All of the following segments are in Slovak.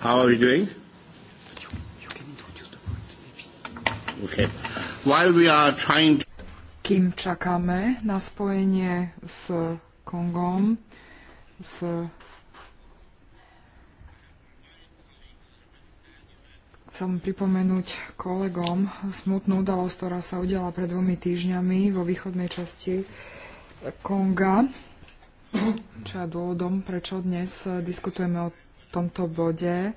How are we doing? Okay. While we are trying to... Kým čakáme na spojenie s Kongom, s chcem pripomenúť kolegom smutnú udalosť, ktorá sa udiala pred dvomi týždňami vo východnej časti Konga, čo je dôvodom, prečo dnes diskutujeme o tomto bode.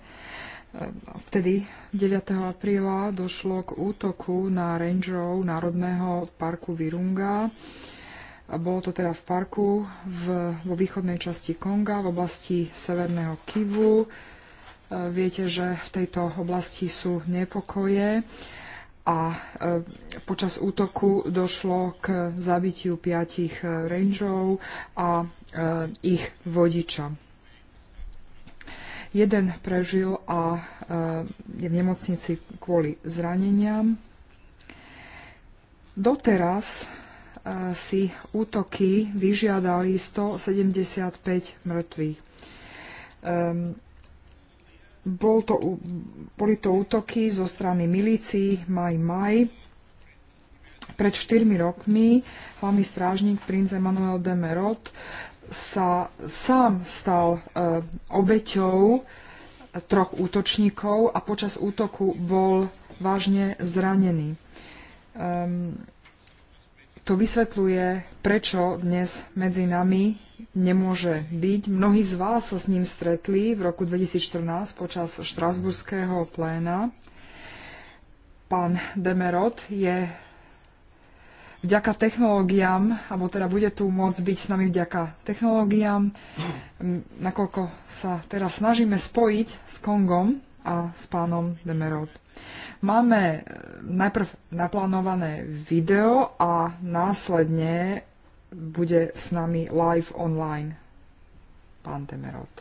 Vtedy 9. apríla došlo k útoku na rangerov Národného parku Virunga. Bolo to teda v parku v, vo východnej časti Konga, v oblasti severného Kivu. E, viete, že v tejto oblasti sú nepokoje a e, počas útoku došlo k zabitiu piatich e, rangerov a ich vodiča. Jeden prežil a e, je v nemocnici kvôli zraneniam. Doteraz e, si útoky vyžiadali 175 mŕtvych. Ehm, bol to, boli to útoky zo strany milícií Maj Maj. Pred 4 rokmi hlavný strážnik princ Emmanuel de Merot sa sám stal e, obeťou troch útočníkov a počas útoku bol vážne zranený. Ehm, to vysvetľuje, prečo dnes medzi nami nemôže byť. Mnohí z vás sa s ním stretli v roku 2014 počas štrasburského pléna. Pán Demerot je vďaka technológiám, alebo teda bude tu môcť byť s nami vďaka technológiám, nakoľko sa teraz snažíme spojiť s Kongom a s pánom Demerod. Máme e, najprv naplánované video a následne bude s nami live online pán Demerod.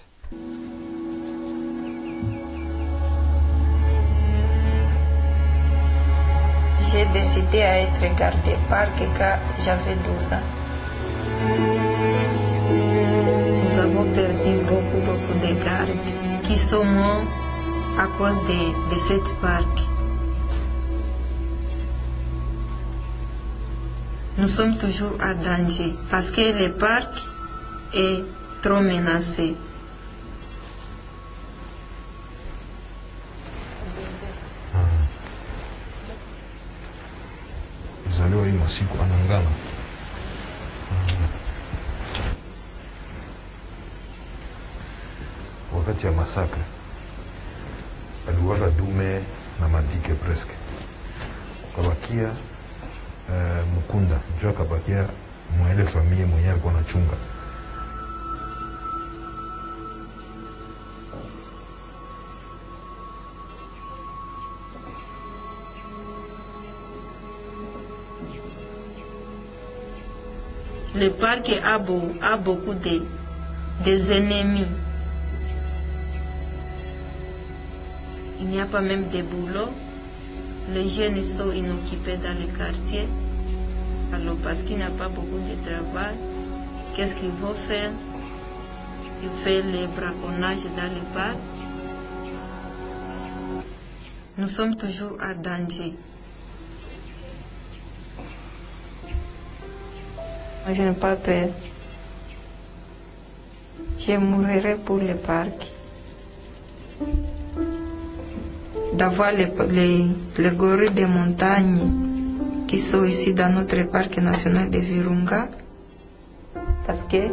j'ai décidé à être gardée par Keka, j'avais 12 ans. Nous avons perdu beaucoup, beaucoup de gardes qui sont morts à cause de, de cette parc. Nous sommes toujours à danger parce que le parc est trop menacé. Tapi masih kok nanggal. Wakati ya masaka, aliwala dume na madike preske, Kabakia eh, Mukunda njo akabakia mwele familia mwenye alikuwa anachunga le parc a, beau, a beaucoup de, des ennemis. Il n'y a pas même de boulot. Les jeunes sont inoccupés dans les quartiers. Alors parce qu'il n'y a pas beaucoup de travail, qu'est-ce qu'ils vont faire Ils font les braconnages dans les parcs. Nous sommes toujours à danger. je pas peur. Je mourrai pour le parc, d'avoir les, les, les gorilles de montagne qui sont ici dans notre parc national de Virunga, parce que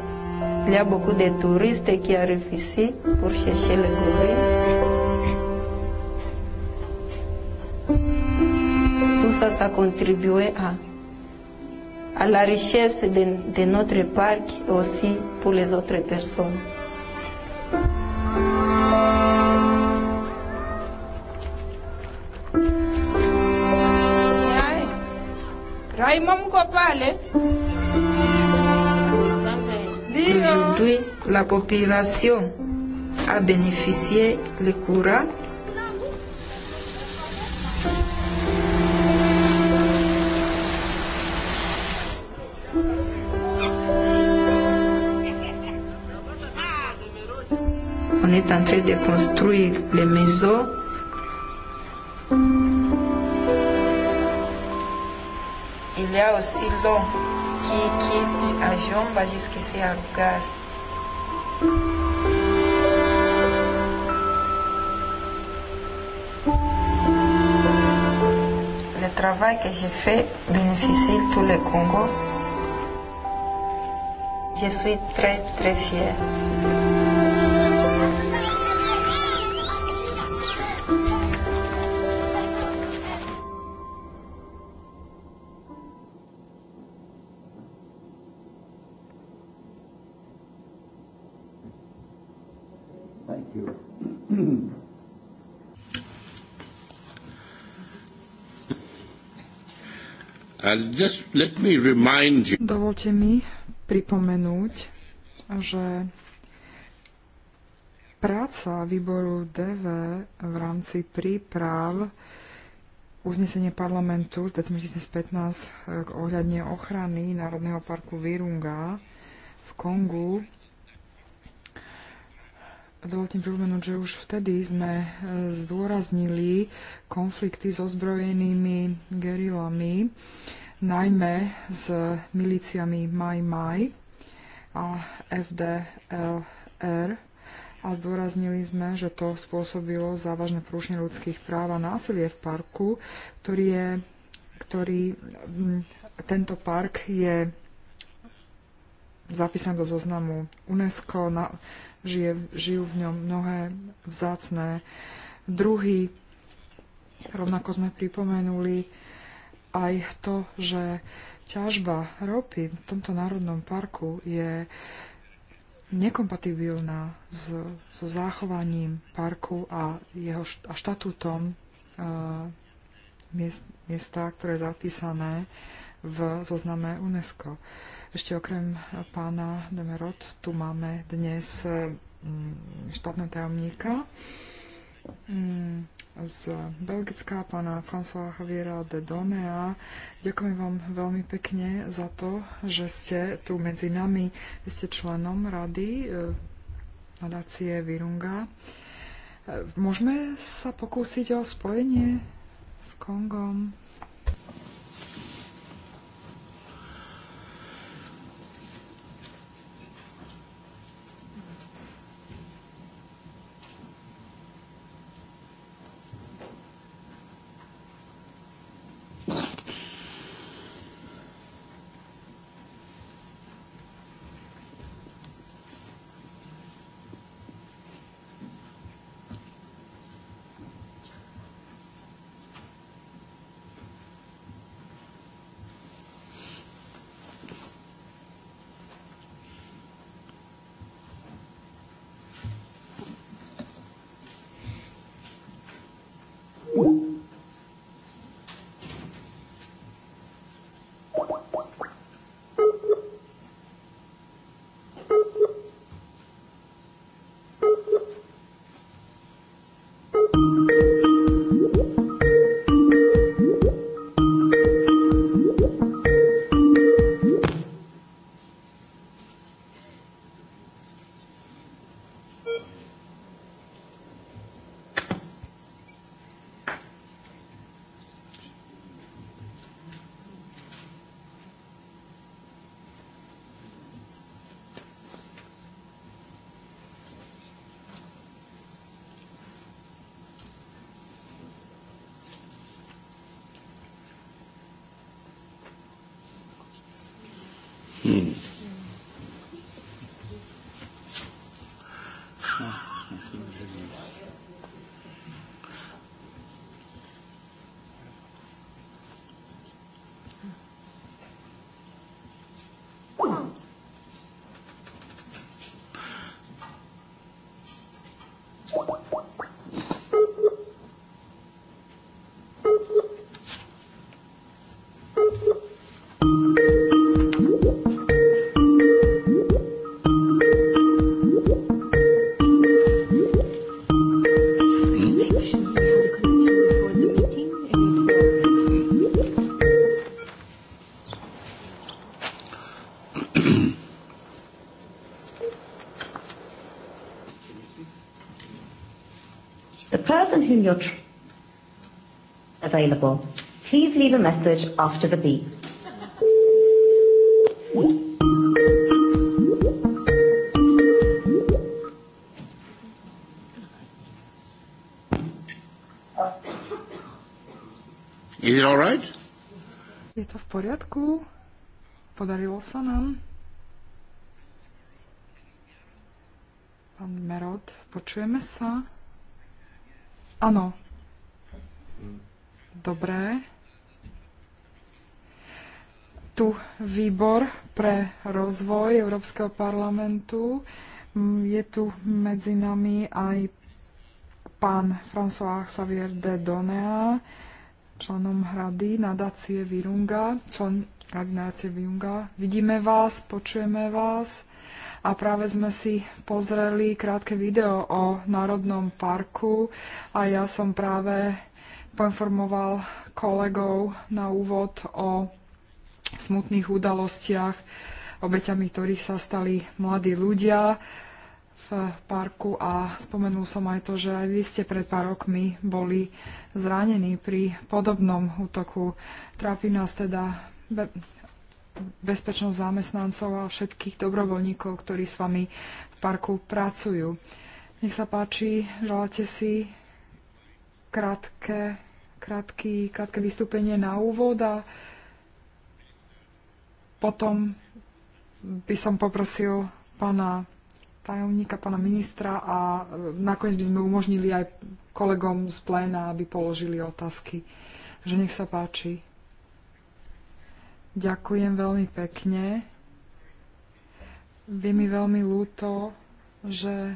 il y a beaucoup de touristes qui arrivent ici pour chercher les gorilles. Tout ça, ça contribuait à à la richesse de, de notre parc et aussi pour les autres personnes. Aujourd'hui, la population a bénéficié le courage on est en train de construire les maisons il y a aussi l'eau qui quitte à Jomba jusqu'ici à Rougar. Le travail que j'ai fait bénéficie tout le Congo. Je suis très très fière. Dovolte mi pripomenúť, že práca výboru DV v rámci príprav uznesenie parlamentu z decembra 2015 eh, ohľadne ochrany Národného parku Virunga v Kongu Dovolte mi pripomenúť, že už vtedy sme e, zdôraznili konflikty s ozbrojenými gerilami, najmä s milíciami Mai Mai a FDLR a zdôraznili sme, že to spôsobilo závažné porušenie ľudských práv a násilie v parku, ktorý je, ktorý, tento park je zapísaný do zoznamu UNESCO na, žije, žijú v ňom mnohé vzácné druhy. Rovnako sme pripomenuli aj to, že ťažba ropy v tomto národnom parku je nekompatibilná s, s záchovaním parku a jeho a štatútom e, miest, miesta, ktoré je zapísané v zozname UNESCO. E, ešte okrem pána Demerot, tu máme dnes mm, štátneho tajomníka mm, z Belgická, pána François Javiera de Donea. Ďakujem vám veľmi pekne za to, že ste tu medzi nami. Vy ste členom rady eh, nadácie Virunga. Eh, môžeme sa pokúsiť o spojenie s Kongom? a message after the beep. Is it all right? Je to v poriadku. Podarilo sa nám. Pán Merod, počujeme sa? Áno. Dobré tu výbor pre rozvoj Európskeho parlamentu. Mm, je tu medzi nami aj pán François Xavier de Donea, členom hrady nadácie Virunga, člen rady nadácie Virunga. Vidíme vás, počujeme vás a práve sme si pozreli krátke video o Národnom parku a ja som práve poinformoval kolegov na úvod o smutných udalostiach, obeťami ktorých sa stali mladí ľudia v parku a spomenul som aj to, že aj vy ste pred pár rokmi boli zranení pri podobnom útoku. Trápi nás teda be- bezpečnosť zamestnancov a všetkých dobrovoľníkov, ktorí s vami v parku pracujú. Nech sa páči, želáte si krátke, krátky, krátke vystúpenie na úvod a potom by som poprosil pána tajomníka, pána ministra a e, nakoniec by sme umožnili aj kolegom z pléna, aby položili otázky. Že nech sa páči. Ďakujem veľmi pekne. Je mi veľmi ľúto, že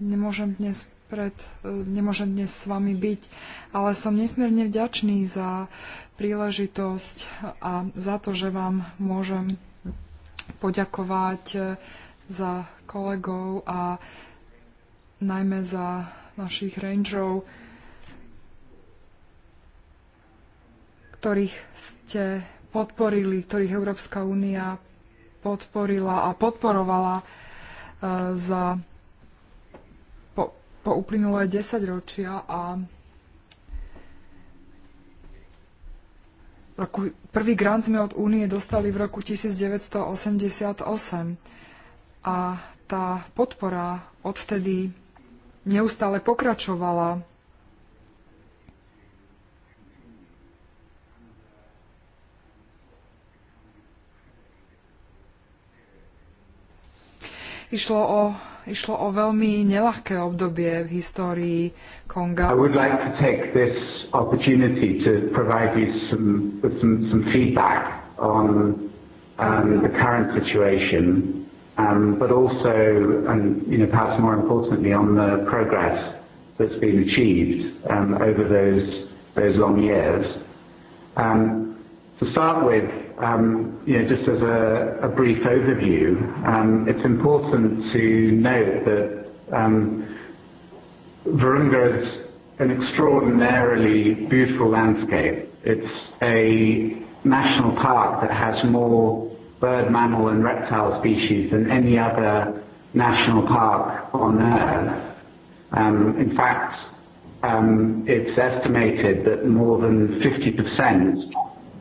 nemôžem dnes pred, e, nemôžem dnes s vami byť, ale som nesmierne vďačný za príležitosť a za to, že vám môžem poďakovať e, za kolegov a najmä za našich rangerov, ktorých ste podporili, ktorých Európska únia podporila a podporovala e, za po uplynulé 10 ročia a roku, prvý grant sme od únie dostali v roku 1988 a tá podpora odvtedy neustále pokračovala. Išlo o išlo o veľmi nelahké obdobie v histórii Konga. I would like to take this opportunity to provide you some, with some, some feedback on um, the current situation, um, but also, and you know, perhaps more importantly, on the progress that's been achieved um, over those those long years. Um, to start with, Um, you know, just as a, a brief overview, um, it's important to note that um, Virunga is an extraordinarily beautiful landscape. It's a national park that has more bird, mammal and reptile species than any other national park on Earth. Um, in fact, um, it's estimated that more than 50%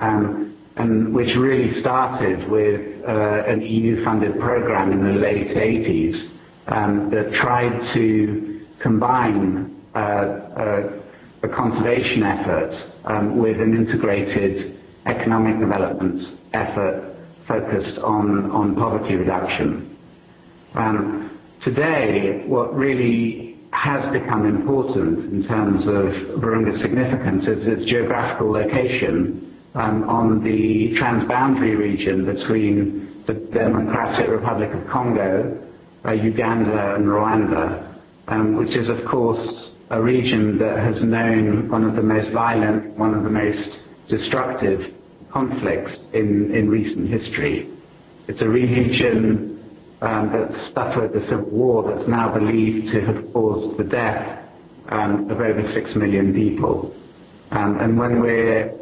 um, and which really started with uh, an EU-funded program in the late 80s um, that tried to combine uh, uh, a conservation effort um, with an integrated economic development effort focused on, on poverty reduction. Um, today, what really has become important in terms of Burunga's significance is its geographical location um, on the transboundary region between the Democratic Republic of Congo, uh, Uganda and Rwanda, um, which is of course a region that has known one of the most violent, one of the most destructive conflicts in, in recent history. It's a region um, that suffered the civil war that's now believed to have caused the death um, of over six million people. Um, and when we're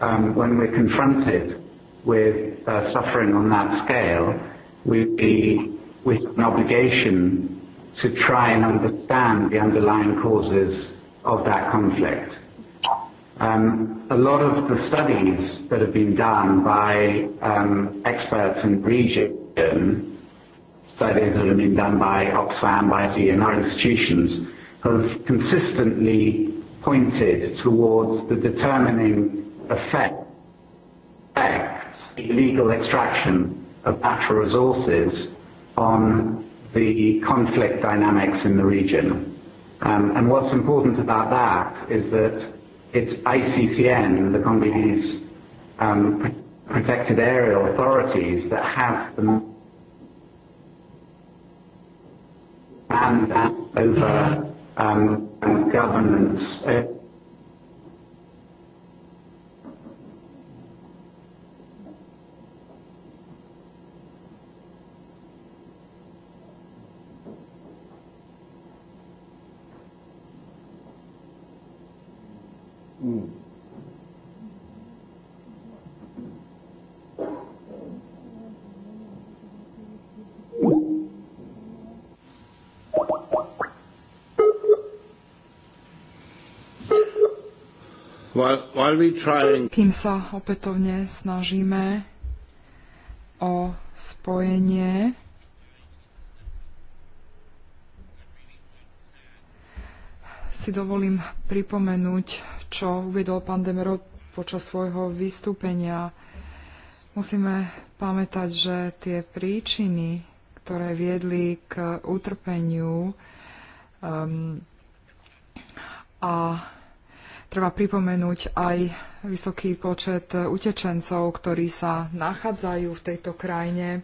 um, when we're confronted with uh, suffering on that scale, we, we have an obligation to try and understand the underlying causes of that conflict. Um, a lot of the studies that have been done by um, experts in the region, studies that have been done by Oxfam, by the and other institutions, have consistently pointed towards the determining affect illegal extraction of natural resources on the conflict dynamics in the region. Um, and what's important about that is that it's ICCN, the Congolese um, protected area authorities, that have the and over um, governance. Kým sa opätovne snažíme o spojenie si dovolím pripomenúť, čo uviedol pán Demero počas svojho vystúpenia. Musíme pamätať, že tie príčiny, ktoré viedli k utrpeniu um, a treba pripomenúť aj vysoký počet utečencov, ktorí sa nachádzajú v tejto krajine,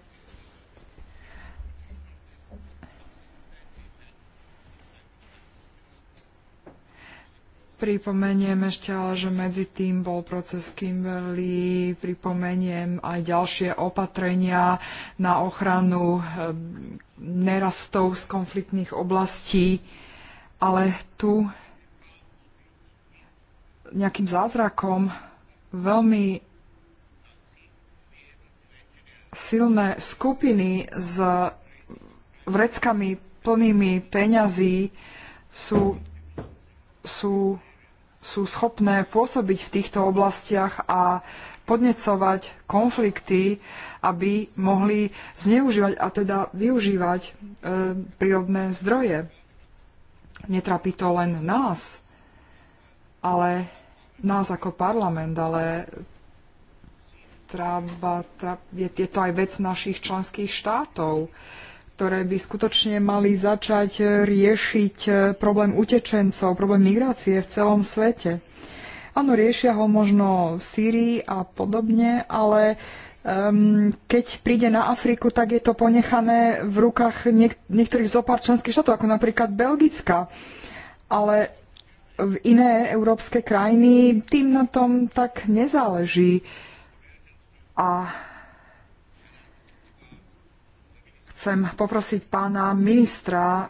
Pripomeniem ešte ale, že medzi tým bol proces Kimberley, pripomeniem aj ďalšie opatrenia na ochranu ehm, nerastov z konfliktných oblastí, ale tu nejakým zázrakom veľmi silné skupiny s vreckami plnými peňazí sú sú, sú schopné pôsobiť v týchto oblastiach a podnecovať konflikty, aby mohli zneužívať a teda využívať e, prírodné zdroje. Netrapí to len nás, ale nás ako parlament, ale je, je to aj vec našich členských štátov. E, ktoré by skutočne mali začať eh, riešiť eh, problém utečencov, problém migrácie v celom svete. Áno, riešia ho možno v Sýrii a podobne, ale um, keď príde na Afriku, tak je to ponechané v rukách niek- niektorých zopár členských štátov, ako napríklad Belgická. Ale v iné európske krajiny tým na tom tak nezáleží. A chcem poprosiť pána ministra,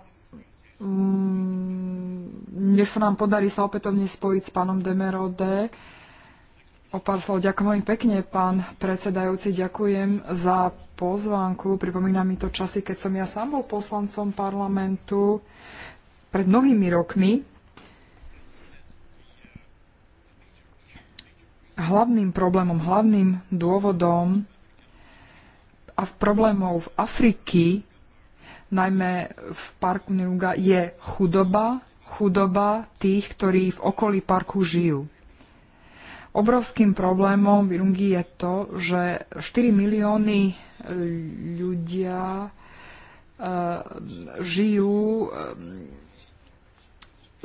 mm, nech sa nám podarí sa opätovne spojiť s pánom Demerode. O pár slov ďakujem veľmi pekne, pán predsedajúci. Ďakujem za pozvánku. Pripomína mi to časy, keď som ja sám bol poslancom parlamentu pred mnohými rokmi. Hlavným problémom, hlavným dôvodom a v problémov v Afriky, najmä v parku Nilunga, je chudoba, chudoba tých, ktorí v okolí parku žijú. Obrovským problémom v Irungi je to, že 4 milióny ľudia e, žijú e,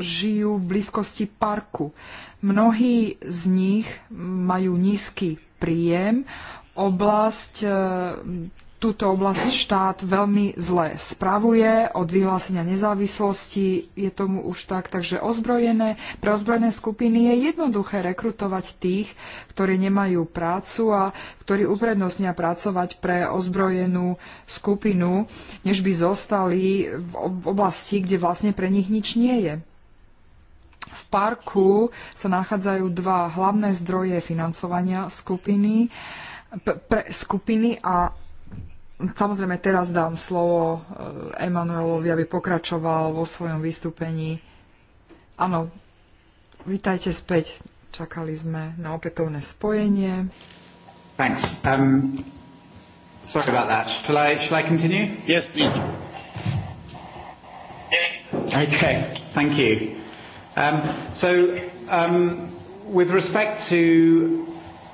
žijú v blízkosti parku. Mnohí z nich majú nízky príjem, oblasť, e, túto oblasť štát veľmi zle spravuje. Od vyhlásenia nezávislosti je tomu už tak, takže ozbrojené, pre ozbrojené skupiny je jednoduché rekrutovať tých, ktorí nemajú prácu a ktorí uprednostnia pracovať pre ozbrojenú skupinu, než by zostali v oblasti, kde vlastne pre nich nič nie je. V parku sa nachádzajú dva hlavné zdroje financovania skupiny pre skupiny a samozrejme teraz dám slovo e, Emanuelovi, aby pokračoval vo svojom vystúpení. Áno, vítajte späť. Čakali sme na opätovné spojenie. Thanks. Um, sorry about that. Shall I, shall I continue? Yes, please. Okay, thank you. Um, so, um, with respect to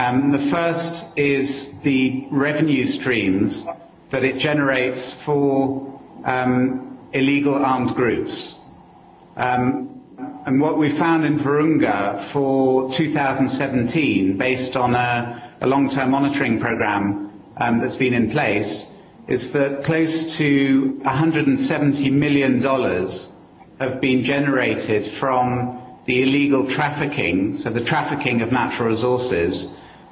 Um, the first is the revenue streams that it generates for um, illegal armed groups. Um, and what we found in Virunga for 2017, based on a, a long-term monitoring program um, that's been in place, is that close to $170 million have been generated from the illegal trafficking, so the trafficking of natural resources,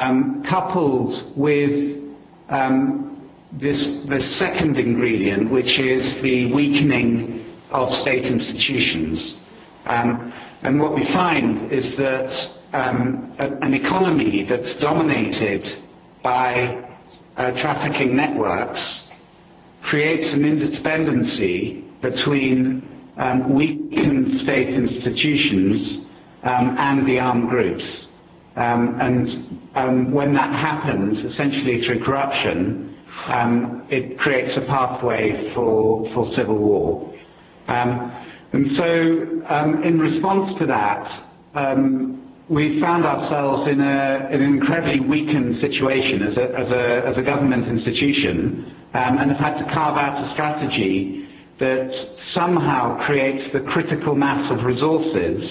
um, coupled with um, this, the second ingredient, which is the weakening of state institutions. Um, and what we find is that um, a, an economy that's dominated by uh, trafficking networks creates an interdependency between um, weakened state institutions um, and the armed groups. Um, and um, when that happens, essentially through corruption, um, it creates a pathway for, for civil war. Um, and so um, in response to that, um, we found ourselves in, a, in an incredibly weakened situation as a, as a, as a government institution um, and have had to carve out a strategy that somehow creates the critical mass of resources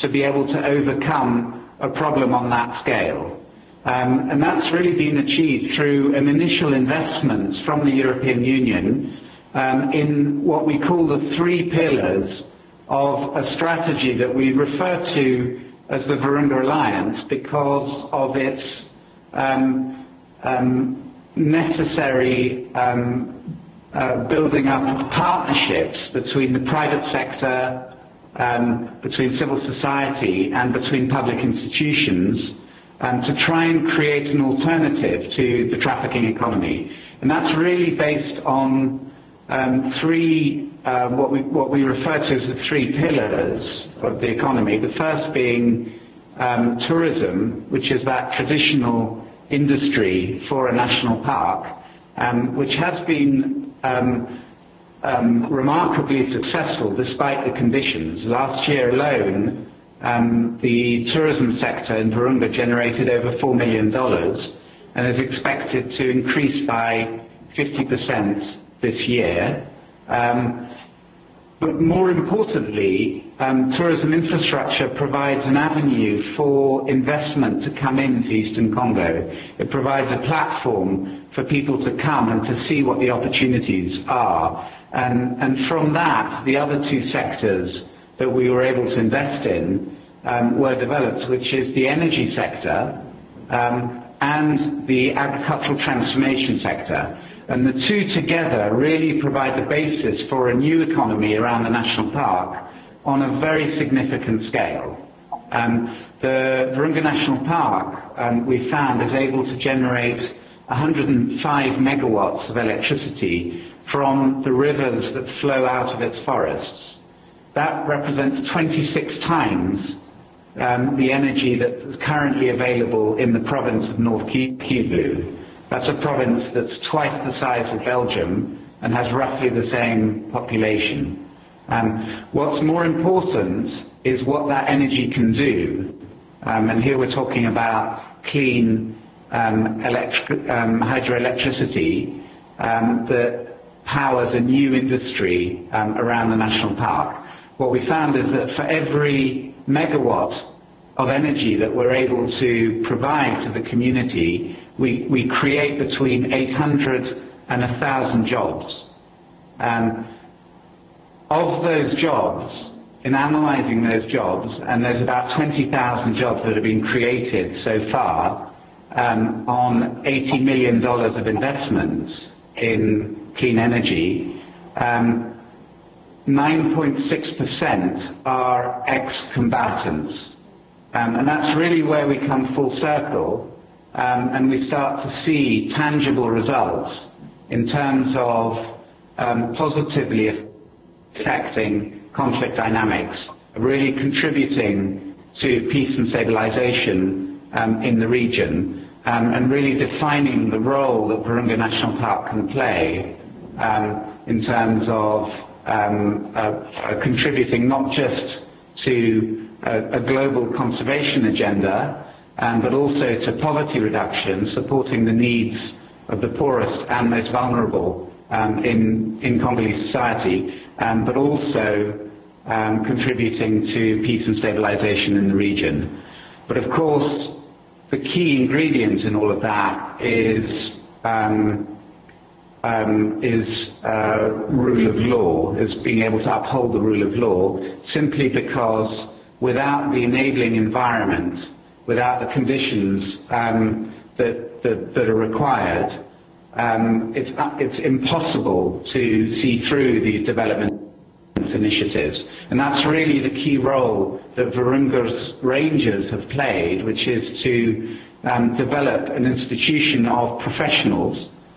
to be able to overcome a problem on that scale. Um, and that's really been achieved through an initial investment from the European Union um, in what we call the three pillars of a strategy that we refer to as the Virunga Alliance because of its um, um, necessary um, uh, building up of partnerships between the private sector, um, between civil society and between public institutions um, to try and create an alternative to the trafficking economy. And that's really based on um, three, uh, what, we, what we refer to as the three pillars of the economy. The first being um, tourism, which is that traditional industry for a national park, um, which has been um, um, remarkably successful despite the conditions. Last year alone, um, the tourism sector in Virunga generated over $4 million and is expected to increase by 50% this year. Um, but more importantly, um, tourism infrastructure provides an avenue for investment to come into Eastern Congo. It provides a platform for people to come and to see what the opportunities are. From that, the other two sectors that we were able to invest in um, were developed, which is the energy sector um, and the agricultural transformation sector. The two together really provide the basis for a new economy around the national park on a very significant scale. Um, the Virunga National Park, we found, is able to generate 105 megawatts of electricity from the rivers that flow out of its forests. That represents 26 times um, the energy that is currently available in the province of North Kivu. That's a province that's twice the size of Belgium and has roughly the same population. Um, what's more important is what that energy can do. Um, and here we're talking about clean um, electric, um, hydroelectricity um, that powers a new industry um, around the national park. What we found is that for every megawatt of energy that we're able to provide to the community, we, we create between 800 and 1,000 jobs. Um, of those jobs, in analysing those jobs, and there's about 20,000 jobs that have been created so far um, on $80 million of investments in clean energy, um, 9.6% are ex-combatants. Um, and that's really where we come full circle um, and we start to see tangible results in terms of um, positively affecting conflict dynamics, really contributing to peace and stabilization um, in the region um, and really defining the role that Virunga National Park can play um, in terms of um, uh, uh, contributing not just to a, uh, a global conservation agenda, um, but also to poverty reduction, supporting the needs of the poorest and most vulnerable um, in, in Congolese society, um, but also um, contributing to peace and stabilization in the region. But of course, the key ingredient in all of that is um, um, is uh, rule of law, is being able to uphold the rule of law, simply because without the enabling environment, without the conditions um, that, that, that are required, um, it's, it's impossible to see through these development initiatives. And that's really the key role that Virunga's Rangers have played, which is to um, develop an institution of professionals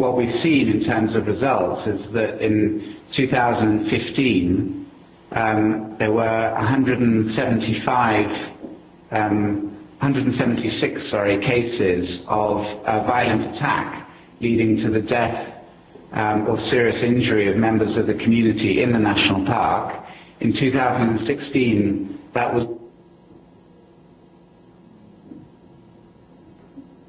what we've seen in terms of results is that in 2015, um, there were 175, um, 176, sorry, cases of a violent attack leading to the death um, or serious injury of members of the community in the national park. In 2016, that was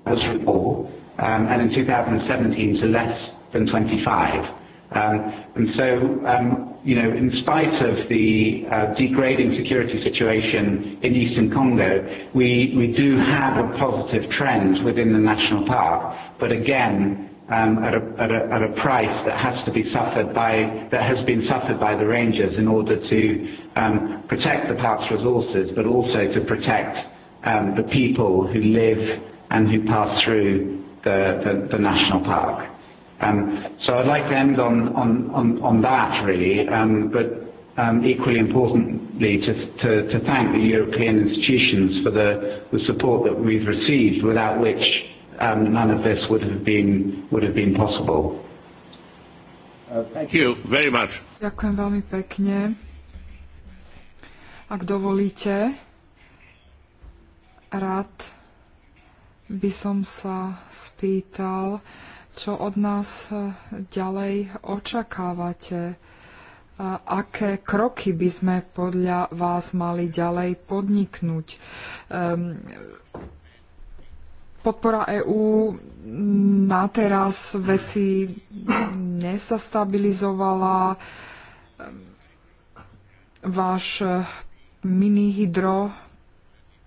was four um, and in 2017 to less than 25. Um, and so, um, you know, in spite of the uh, degrading security situation in eastern Congo, we, we do have a positive trend within the national park, but again, um, at, a, at, a, at a price that has to be suffered by, that has been suffered by the rangers in order to um, protect the park's resources, but also to protect um, the people who live and who pass through the, the, the national park. Um, so I'd like to end on, on, on, on that really, um, but um, equally importantly to, to, to thank the European institutions for the, the support that we've received without which um, none of this would have been, would have been possible. Uh, thank you very much. Ďakujem veľmi pekne. Ak dovolíte, rád by som sa spýtal, čo od nás e, ďalej očakávate. E, aké kroky by sme podľa vás mali ďalej podniknúť? Ehm, podpora EÚ na teraz veci nesastabilizovala. Ehm, váš e, mini hydro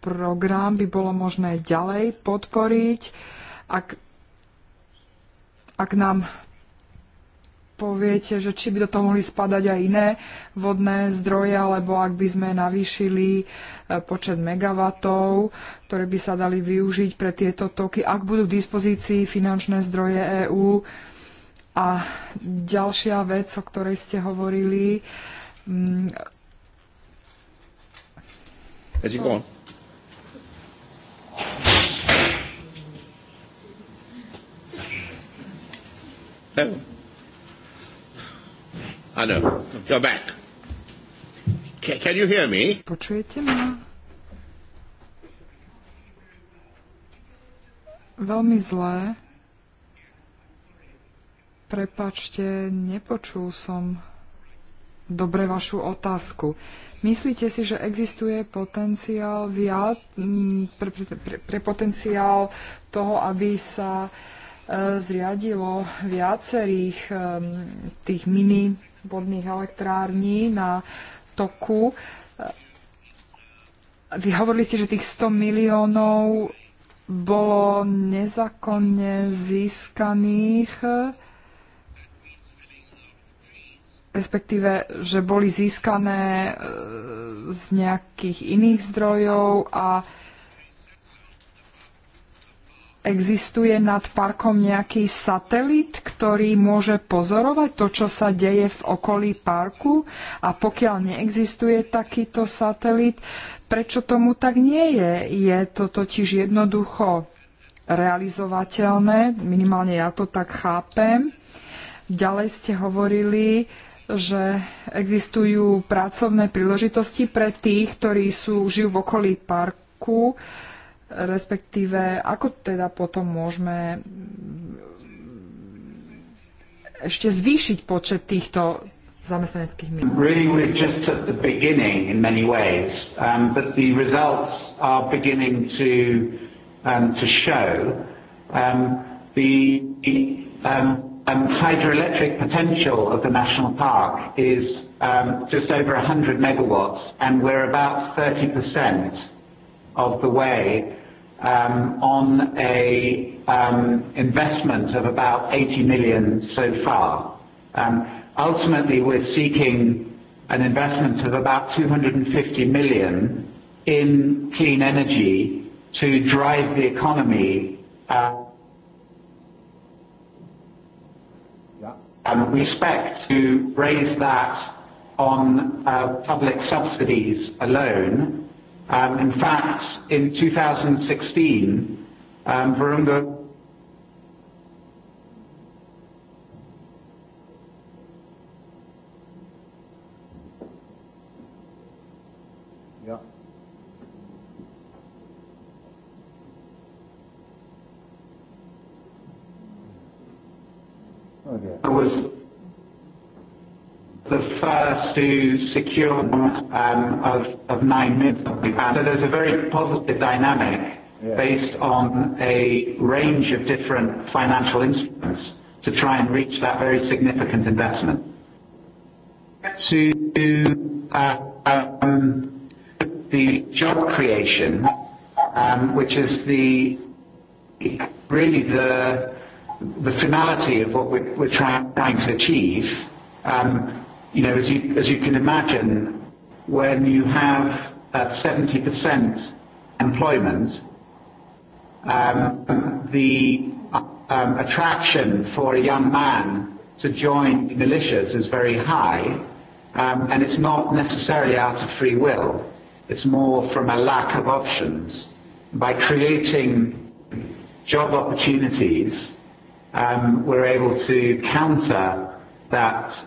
program by bolo možné ďalej podporiť, ak, ak nám poviete, že či by do toho mohli spadať aj iné vodné zdroje, alebo ak by sme navýšili e, počet megawatov, ktoré by sa dali využiť pre tieto toky, ak budú k dispozícii finančné zdroje EÚ. A ďalšia vec, o ktorej ste hovorili. Mm, No. I know. You're back. C- can you hear me? Počujete ma? Veľmi zlé. Prepačte, nepočul som dobre vašu otázku. Myslíte si, že existuje potenciál via, pre, pre, pre, pre potenciál toho, aby sa uh, E, zriadilo viacerých e, tých mini vodných elektrární na toku. E, vy hovorili ste, že tých 100 miliónov bolo nezákonne získaných, respektíve, že boli získané z nejakých iných zdrojov a existuje nad parkom nejaký satelit, ktorý môže pozorovať to, čo sa deje v okolí parku a pokiaľ neexistuje takýto satelit, prečo tomu tak nie je? Je to totiž jednoducho realizovateľné, minimálne ja to tak chápem. Ďalej ste hovorili, že existujú pracovné príležitosti pre tých, ktorí sú, žijú v okolí parku. Uh, respektíve ako teda potom môžeme ešte zvýšiť počet týchto zamestnaneckých miest. Really, we're just at the beginning in many ways, um, but the results are beginning to um, to show. Um, the um, um, hydroelectric potential of the national park is um, just over 100 megawatts, and we're about 30 of the way um, on a um, investment of about 80 million so far. Um, ultimately, we're seeking an investment of about 250 million in clean energy to drive the economy. Uh, yeah. And we expect to raise that on uh, public subsidies alone. Um, in fact, in 2016, um, Virunga Yeah. Oh, was The first to secure um, of, of nine minutes. So there's a very positive dynamic yeah. based on a range of different financial instruments to try and reach that very significant investment. To uh, um, the job creation, um, which is the really the the finality of what we're, we're trying, trying to achieve. Um, As you can imagine, when you have 70% uh, employment, um, the um, attraction for a young man to join the militias is very high. Um, and It's not necessarily out of free will. It's more from a lack of options. By creating job opportunities, we're able to counter that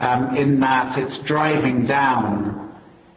um, in that it's driving down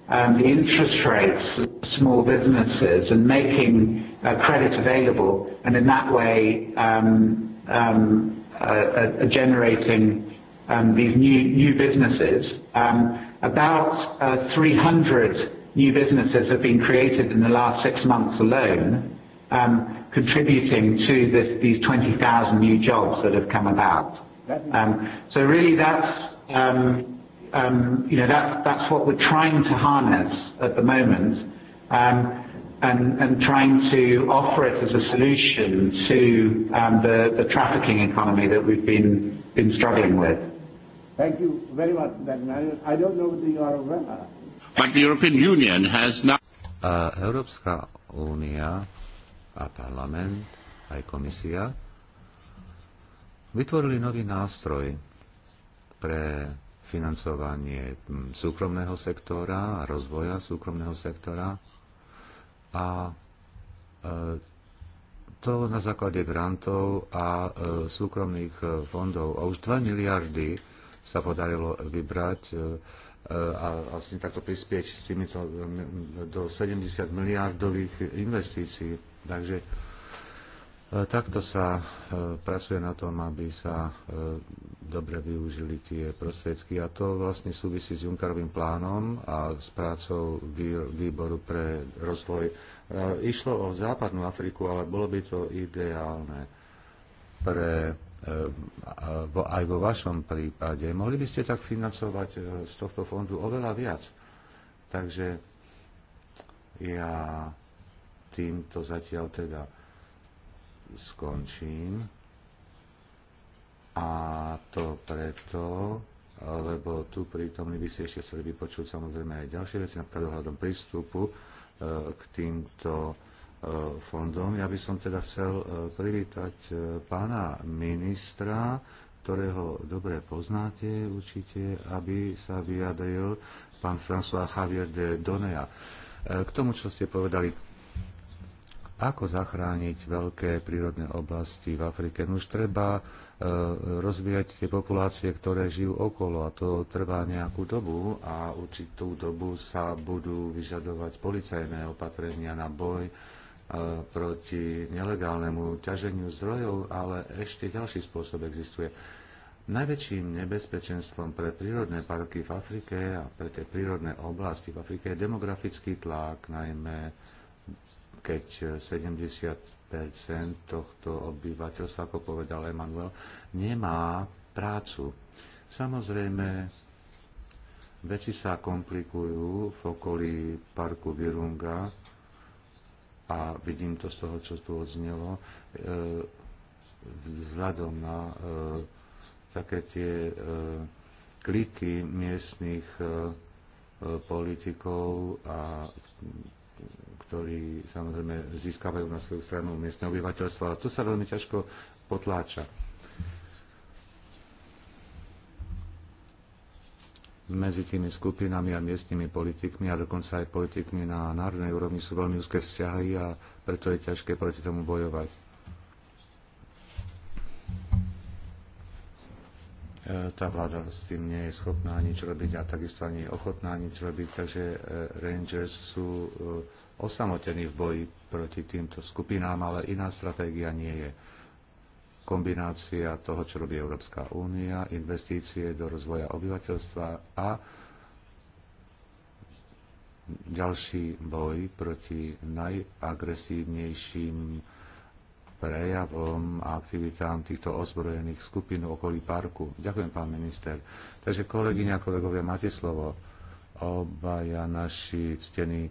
um, the interest rates of small businesses and making uh, credit available, and in that way um, um, uh, uh, generating um, these new new businesses. Um, about uh, 300 new businesses have been created in the last six months alone, um, contributing to this, these 20,000 new jobs that have come about. Um, so really, that's um, um, you know, that, that's what we're trying to harness at the moment um, and, and trying to offer it as a solution to um, the, the trafficking economy that we've been, been struggling with. Thank you very much, Dagmar. I don't know whether you are aware. But the European Union has now... Uh, Európska únia a parlament, aj komisia, vytvorili nový nástroj pre financovanie hm, súkromného sektora a rozvoja súkromného sektora. A e, to na základe grantov a e, súkromných e, fondov. A už 2 miliardy sa podarilo vybrať a vlastne takto prispieť s týmito do 70 miliardových investícií. Takže takto sa pracuje na tom, aby sa dobre využili tie prostriedky a to vlastne súvisí s Junkarovým plánom a s prácou výboru pre rozvoj. E, išlo o západnú Afriku, ale bolo by to ideálne pre e, aj vo vašom prípade. Mohli by ste tak financovať e, z tohto fondu oveľa viac. Takže ja týmto zatiaľ teda skončím. A to preto, lebo tu prítomní by si ešte chceli vypočuť samozrejme aj ďalšie veci, napríklad ohľadom prístupu e, k týmto e, fondom. Ja by som teda chcel e, privítať pána ministra, ktorého dobre poznáte určite, aby sa vyjadril pán François Javier de Donea. K tomu, čo ste povedali, ako zachrániť veľké prírodné oblasti v Afrike. No už treba E, rozvíjať tie populácie, ktoré žijú okolo a to trvá nejakú dobu a určitú dobu sa budú vyžadovať policajné opatrenia na boj e, proti nelegálnemu ťaženiu zdrojov, ale ešte ďalší spôsob existuje. Najväčším nebezpečenstvom pre prírodné parky v Afrike a pre tie prírodné oblasti v Afrike je demografický tlak, najmä keď 70 eh, tohto obyvateľstva, ako povedal Emanuel, nemá prácu. Samozrejme, veci sa komplikujú v okolí parku Virunga a vidím to z toho, čo tu odznelo, eh, vzhľadom na eh, také tie kliky miestných politikov a ktorí samozrejme získavajú na svoju stranu miestne obyvateľstvo. ale to sa veľmi ťažko potláča. medzi tými skupinami a miestnymi politikmi a dokonca aj politikmi na národnej úrovni sú veľmi úzke vzťahy a preto je ťažké proti tomu bojovať. E, tá vláda s tým nie je schopná nič robiť a takisto ani ochotná nič robiť, takže e, Rangers sú e, osamotení v boji proti týmto skupinám, ale iná stratégia nie je. Kombinácia toho, čo robí Európska únia, investície do rozvoja obyvateľstva a ďalší boj proti najagresívnejším prejavom a aktivitám týchto ozbrojených skupín okolí parku. Ďakujem, pán minister. Takže kolegyňa, kolegovia, máte slovo. Obaja naši ctení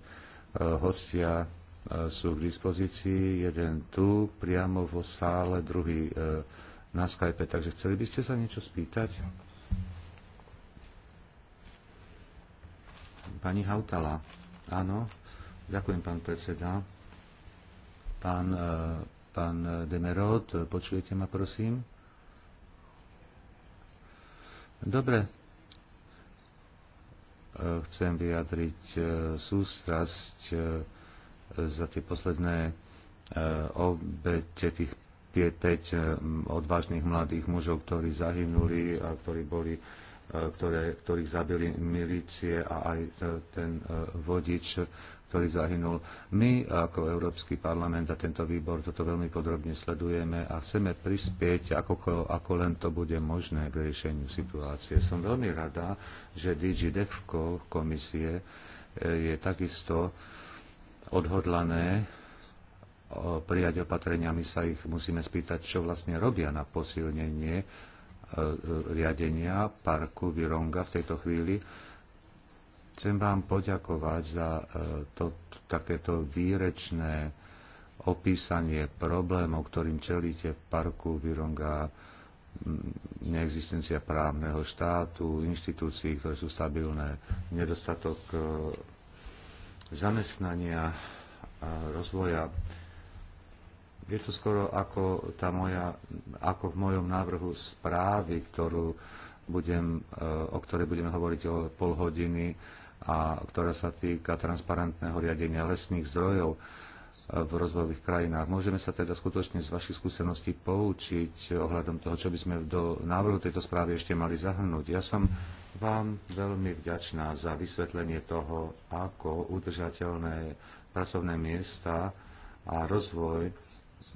Eh, hostia eh, sú k dispozícii, jeden tu, priamo vo sále, druhý eh, na Skype. Takže chceli by ste sa niečo spýtať? Pani Hautala. Áno, ďakujem, pán predseda. Pán, pán Demerod, počujete ma, prosím? Dobre, chcem vyjadriť e, sústrasť e, za tie posledné e, obete tých 5 odvážnych mladých mužov, ktorí zahynuli a ktorí boli, ktoré, ktorých zabili milície a aj ten vodič ktorý zahynul. My ako Európsky parlament a tento výbor toto veľmi podrobne sledujeme a chceme prispieť, ako, ako len to bude možné k riešeniu situácie. Som veľmi rada, že DG DEFCO komisie e, je takisto odhodlané e, prijať opatrenia. My sa ich musíme spýtať, čo vlastne robia na posilnenie e, riadenia parku Vironga v tejto chvíli Chcem vám poďakovať za e, to, takéto výrečné opísanie problémov, ktorým čelíte v parku Vironga, neexistencia právneho štátu, inštitúcií, ktoré sú stabilné, nedostatok e, zamestnania a rozvoja. Je to skoro ako, tá moja, ako v mojom návrhu správy, ktorú budem, e, o ktorej budeme hovoriť o pol hodiny, a ktorá sa týka transparentného riadenia lesných zdrojov eh, v rozvojových krajinách. Môžeme sa teda skutočne z vašich skúseností poučiť ohľadom toho, čo by sme do návrhu tejto správy ešte mali zahrnúť. Ja som vám veľmi vďačná za vysvetlenie toho, ako udržateľné pracovné miesta a rozvoj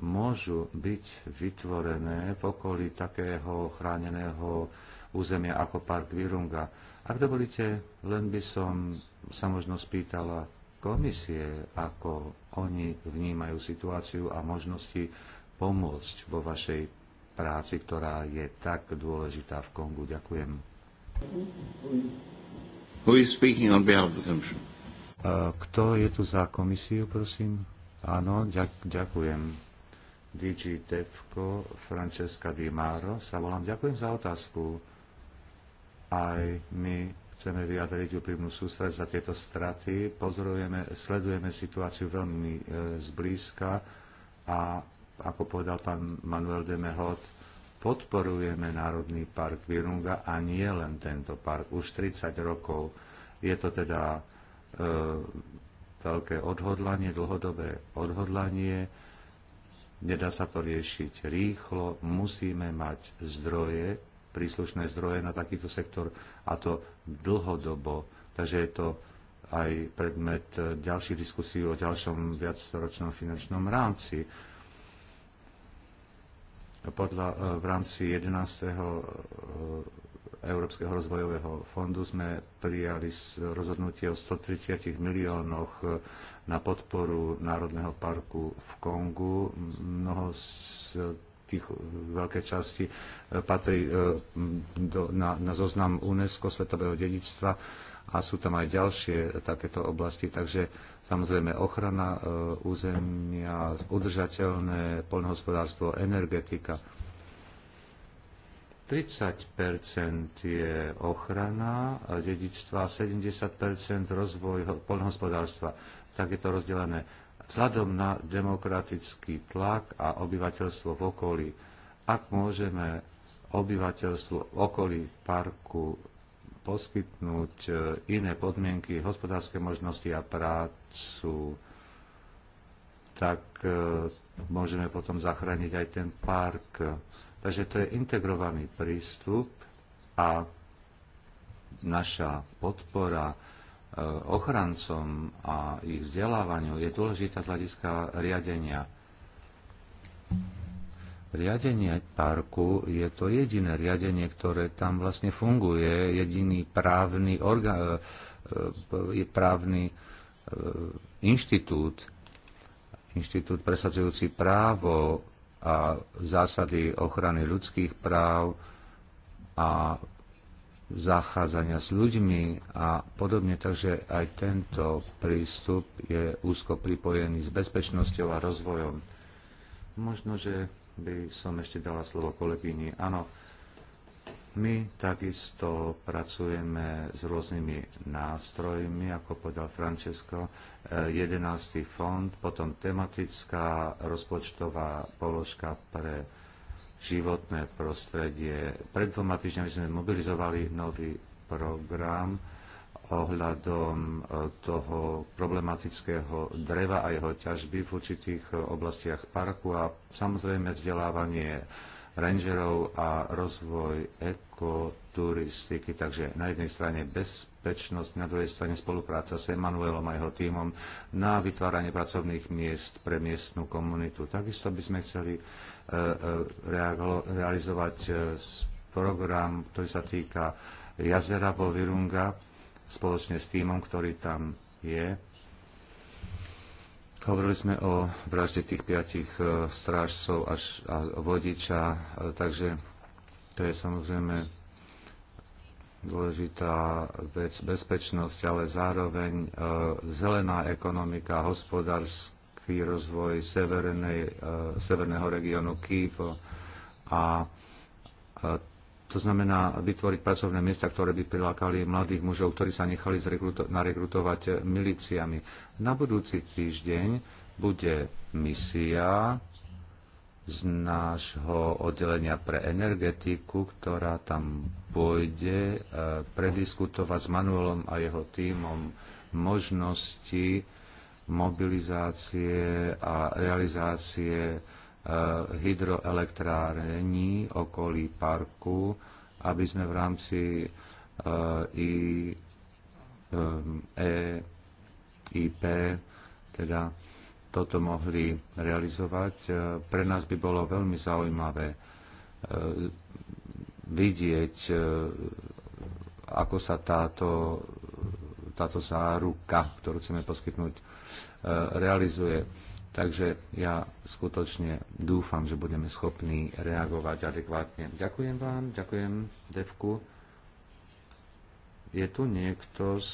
môžu byť vytvorené v okolí takého chráneného územia ako Park Virunga ak dovolíte, len by som sa možno spýtala komisie, ako oni vnímajú situáciu a možnosti pomôcť vo vašej práci, ktorá je tak dôležitá v Kongu. Ďakujem. Who is speaking on behalf of the commission? Kto je tu za komisiu, prosím? Áno, ďakujem. DG Tefko Francesca Di Maro, sa volám. Ďakujem za otázku. Aj my chceme vyjadriť úprimnú sústrať za tieto straty. Pozorujeme, sledujeme situáciu veľmi e, zblízka a ako povedal pán Manuel de Mehot, podporujeme Národný park Virunga a nie len tento park. Už 30 rokov je to teda e, veľké odhodlanie, dlhodobé odhodlanie. Nedá sa to riešiť rýchlo, musíme mať zdroje príslušné zdroje na takýto sektor a to dlhodobo. Takže je to aj predmet e, ďalších diskusí o ďalšom viacročnom finančnom rámci. Podľa, e, v rámci 11. E, Európskeho rozvojového fondu sme prijali rozhodnutie o 130 miliónoch na podporu Národného parku v Kongu. Mnoho z tých eh, veľkej časti eh, patrí eh, do, na, na zoznam UNESCO, Svetového dedičstva a sú tam aj ďalšie takéto oblasti. Takže samozrejme ochrana územia, udržateľné poľnohospodárstvo, energetika. 30 je ochrana dedičstva, 70 rozvoj poľnohospodárstva. Tak je to rozdelené vzhľadom na demokratický tlak a obyvateľstvo v okolí. Ak môžeme obyvateľstvu v okolí parku poskytnúť e, iné podmienky, hospodárske možnosti a prácu, tak e, môžeme potom zachrániť aj ten park. Takže to je integrovaný prístup a naša podpora Eh, ochrancom a ich vzdelávaniu je dôležitá z hľadiska riadenia. Riadenie parku je to jediné riadenie, ktoré tam vlastne funguje, jediný právny, orga, je eh, eh, právny inštitút, inštitút presadzujúci právo a zásady ochrany ľudských práv a zachádzania s ľuďmi a podobne. Takže aj tento prístup je úzko pripojený s bezpečnosťou a rozvojom. Možno, že by som ešte dala slovo kolegyni. Áno, my takisto pracujeme s rôznymi nástrojmi, ako povedal Francesco, 11. E, fond, potom tematická rozpočtová položka pre životné prostredie. Pred dvoma týždňami sme mobilizovali nový program ohľadom e, toho problematického dreva a jeho ťažby v určitých e, oblastiach parku a samozrejme vzdelávanie rangerov a rozvoj ekoturistiky. Takže na jednej strane bez bezpečnosť, na druhej strane spolupráca s Emanuelom a jeho týmom na vytváranie pracovných miest pre miestnú komunitu. Takisto by sme chceli e, e, realizovať e, program, ktorý sa týka jazera vo Virunga spoločne s týmom, ktorý tam je. Hovorili sme o vražde tých piatich strážcov a vodiča, takže to je samozrejme dôležitá vec bezpečnosť, ale zároveň e, zelená ekonomika, hospodársky rozvoj severnej, e, severného regiónu Kýv a e, to znamená vytvoriť pracovné miesta, ktoré by prilákali mladých mužov, ktorí sa nechali narekrutovať miliciami. Na budúci týždeň bude misia z nášho oddelenia pre energetiku, ktorá tam pôjde e, prediskutovať s Manuelom a jeho týmom možnosti mobilizácie a realizácie e, hydroelektrárení okolí parku, aby sme v rámci e, i EIP, teda toto mohli realizovať. E, pre nás by bolo veľmi zaujímavé e, vidieť, e, ako sa táto, táto záruka, ktorú chceme poskytnúť, realizuje. Takže ja skutočne dúfam, že budeme schopní reagovať adekvátne. Ďakujem vám, ďakujem Devku. Je tu niekto z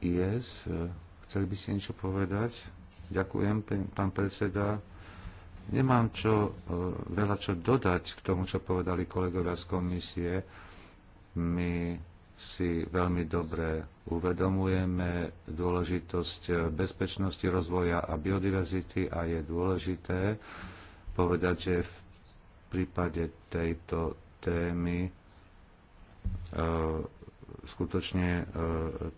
Yes. Chceli by ste niečo povedať? Ďakujem, pán predseda. Nemám čo, e, veľa čo dodať k tomu, čo povedali kolegovia z komisie. My si veľmi dobre uvedomujeme dôležitosť bezpečnosti rozvoja a biodiverzity a je dôležité povedať, že v prípade tejto témy e, skutočne e,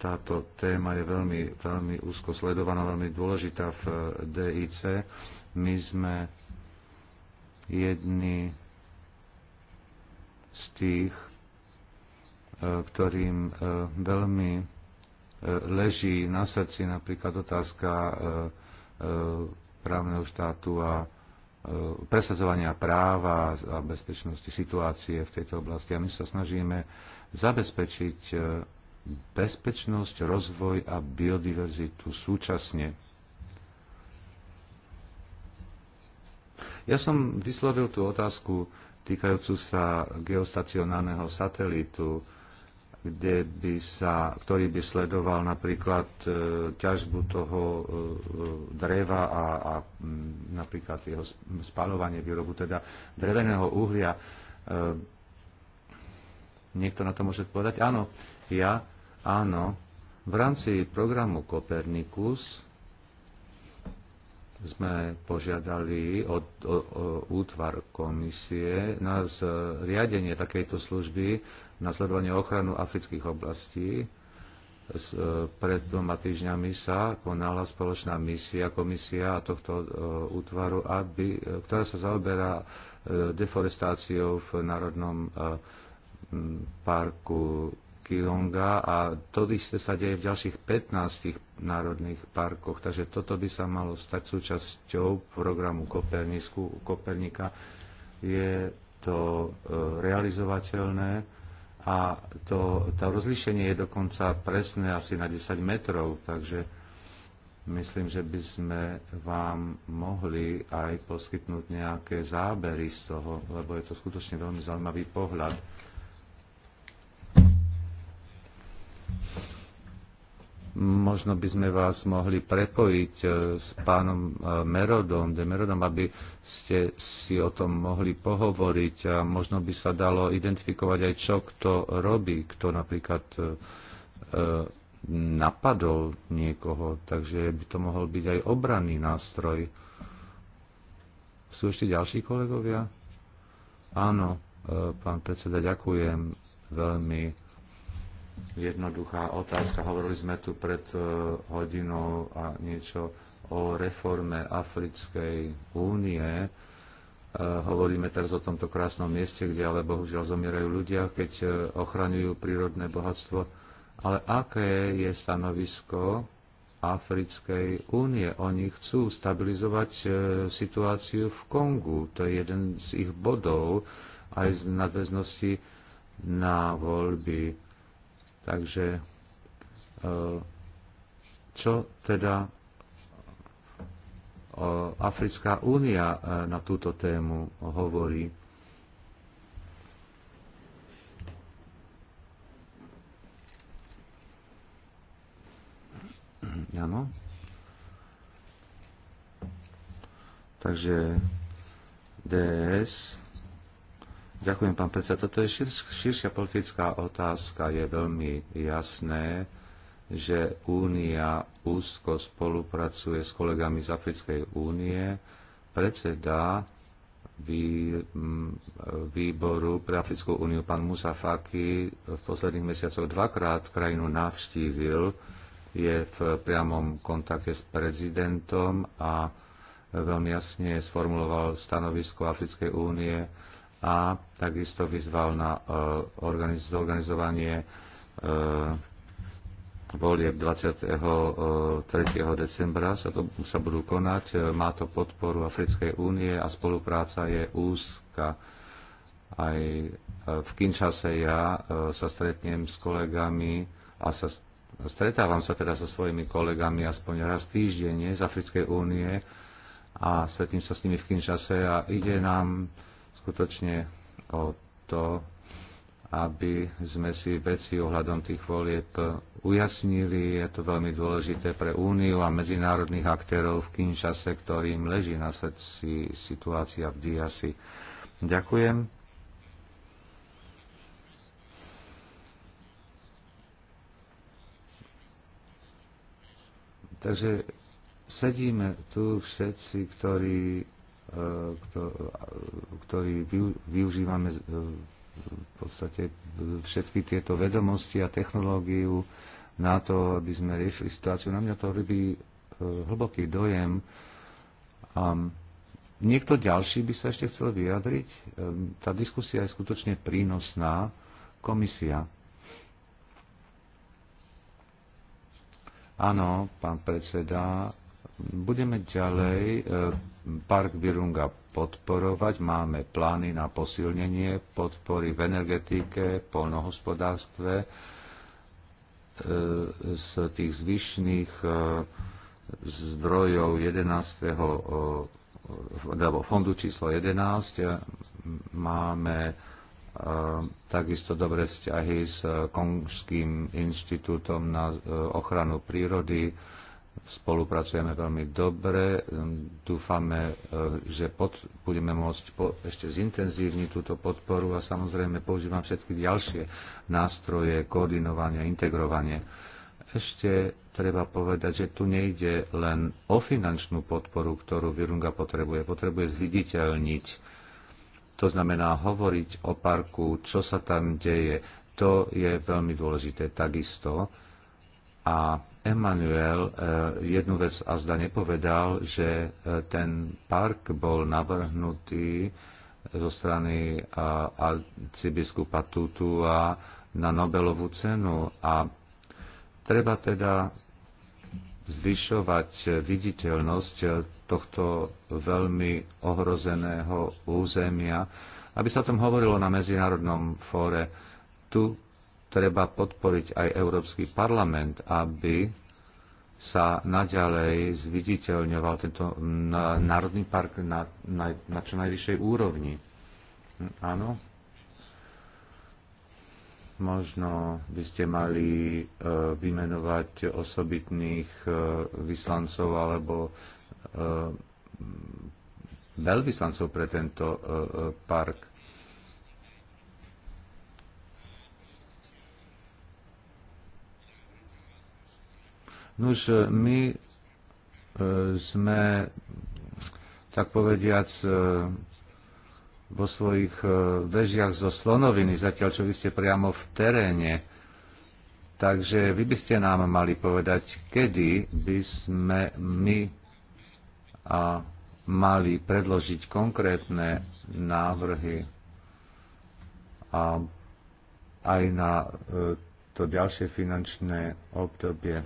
táto téma je veľmi, veľmi úzko sledovaná, veľmi dôležitá v e, DIC. My sme jedni z tých, e, ktorým veľmi leží na srdci napríklad otázka právneho štátu a presadzovania práva a bezpečnosti situácie v tejto oblasti. A my sa snažíme zabezpečiť e, bezpečnosť, rozvoj a biodiverzitu súčasne. Ja som vyslovil tú otázku týkajúcu sa geostacionárneho satelitu, kde by sa, ktorý by sledoval napríklad e, ťažbu toho e, dreva a, a napríklad jeho spalovanie, výrobu teda dreveného uhlia. E, Niekto na to môže povedať? Áno, ja, áno. V rámci programu Kopernikus sme požiadali od, o, o, útvar komisie na zriadenie takejto služby na sledovanie ochranu afrických oblastí. S, e, pred dvoma týždňami sa konala spoločná misia komisia tohto e, útvaru, aby, e, ktorá sa zaoberá e, deforestáciou v národnom e, parku Kilonga a to isté sa deje v ďalších 15 národných parkoch, takže toto by sa malo stať súčasťou programu Kopernika. Je to e, realizovateľné a to, to rozlíšenie je dokonca presné asi na 10 metrov, takže myslím, že by sme vám mohli aj poskytnúť nejaké zábery z toho, lebo je to skutočne veľmi zaujímavý pohľad. možno by sme vás mohli prepojiť e, s pánom e, Merodom, Demerodom, aby ste si o tom mohli pohovoriť a možno by sa dalo identifikovať aj, čo kto robí, kto napríklad e, napadol niekoho, takže by to mohol byť aj obranný nástroj. Sú ešte ďalší kolegovia? Áno, pán predseda, ďakujem veľmi jednoduchá otázka. Hovorili sme tu pred e, hodinou a niečo o reforme Africkej únie. E, hovoríme teraz o tomto krásnom mieste, kde ale bohužiaľ zomierajú ľudia, keď e, ochraňujú prírodné bohatstvo. Ale aké je stanovisko Africkej únie? Oni chcú stabilizovať situáciu v Kongu. To je jeden z ich bodov aj z nadväznosti na voľby Takže e, čo teda e, Africká únia e, na túto tému hovorí? Áno. Takže DS Ďakujem, pán predseda. Toto je šir, širšia politická otázka. Je veľmi jasné, že Únia úzko spolupracuje s kolegami z Africkej únie. Predseda výboru pre Africkú úniu, pán Musa Faki, v posledných mesiacoch dvakrát krajinu navštívil, je v priamom kontakte s prezidentom a veľmi jasne sformuloval stanovisko Africkej únie a takisto vyzval na e, zorganizovanie e, volieb 23. E, decembra sa, to, sa budú konať. Má to podporu Africkej únie a spolupráca je úzka. Aj v Kinshase ja sa stretnem s kolegami a sa, stretávam sa teda so svojimi kolegami aspoň raz týždenne z Africkej únie a stretím sa s nimi v Kinshase a ide nám skutočne o to, aby sme si veci ohľadom tých volieb ujasnili. Je to veľmi dôležité pre Úniu a medzinárodných aktérov v Kinshase, ktorým leží na srdci situácia v Diasi. Ďakujem. Takže sedíme tu všetci, ktorí ktorý využívame v podstate všetky tieto vedomosti a technológiu na to, aby sme riešili situáciu. Na mňa to robí e, hlboký dojem. A niekto ďalší by sa ešte chcel vyjadriť? E, tá diskusia je skutočne prínosná. Komisia. Áno, pán predseda, Budeme ďalej eh, park Virunga podporovať. Máme plány na posilnenie podpory v energetike, polnohospodárstve eh, z tých zvyšných eh, zdrojov 11. Alebo fondu číslo 11 máme takisto dobré vzťahy s Konžským inštitútom na ochranu prírody spolupracujeme veľmi dobre. Dúfame, e, že pod, budeme môcť po, ešte zintenzívniť túto podporu a samozrejme používam všetky ďalšie nástroje koordinovania, integrovanie. Ešte treba povedať, že tu nejde len o finančnú podporu, ktorú Virunga potrebuje. Potrebuje zviditeľniť. To znamená hovoriť o parku, čo sa tam deje. To je veľmi dôležité takisto a Emanuel e, jednu vec a zda nepovedal, že e, ten park bol navrhnutý e, zo strany arcibiskupa Tutua na Nobelovú cenu a treba teda zvyšovať viditeľnosť tohto veľmi ohrozeného územia, aby sa o tom hovorilo na medzinárodnom fóre. Tu treba podporiť aj Európsky parlament, aby sa naďalej zviditeľňoval tento národný park na, na, na čo najvyššej úrovni. Hm, áno? Možno by ste mali e, vymenovať osobitných e, vyslancov alebo e, veľvyslancov pre tento e, e park Nuž, e, my e, sme, tak povediac, e, vo svojich vežiach zo slonoviny, zatiaľ čo vy ste priamo v teréne. Takže vy by ste nám mali povedať, kedy by sme my a mali predložiť konkrétne návrhy a aj na to ďalšie finančné obdobie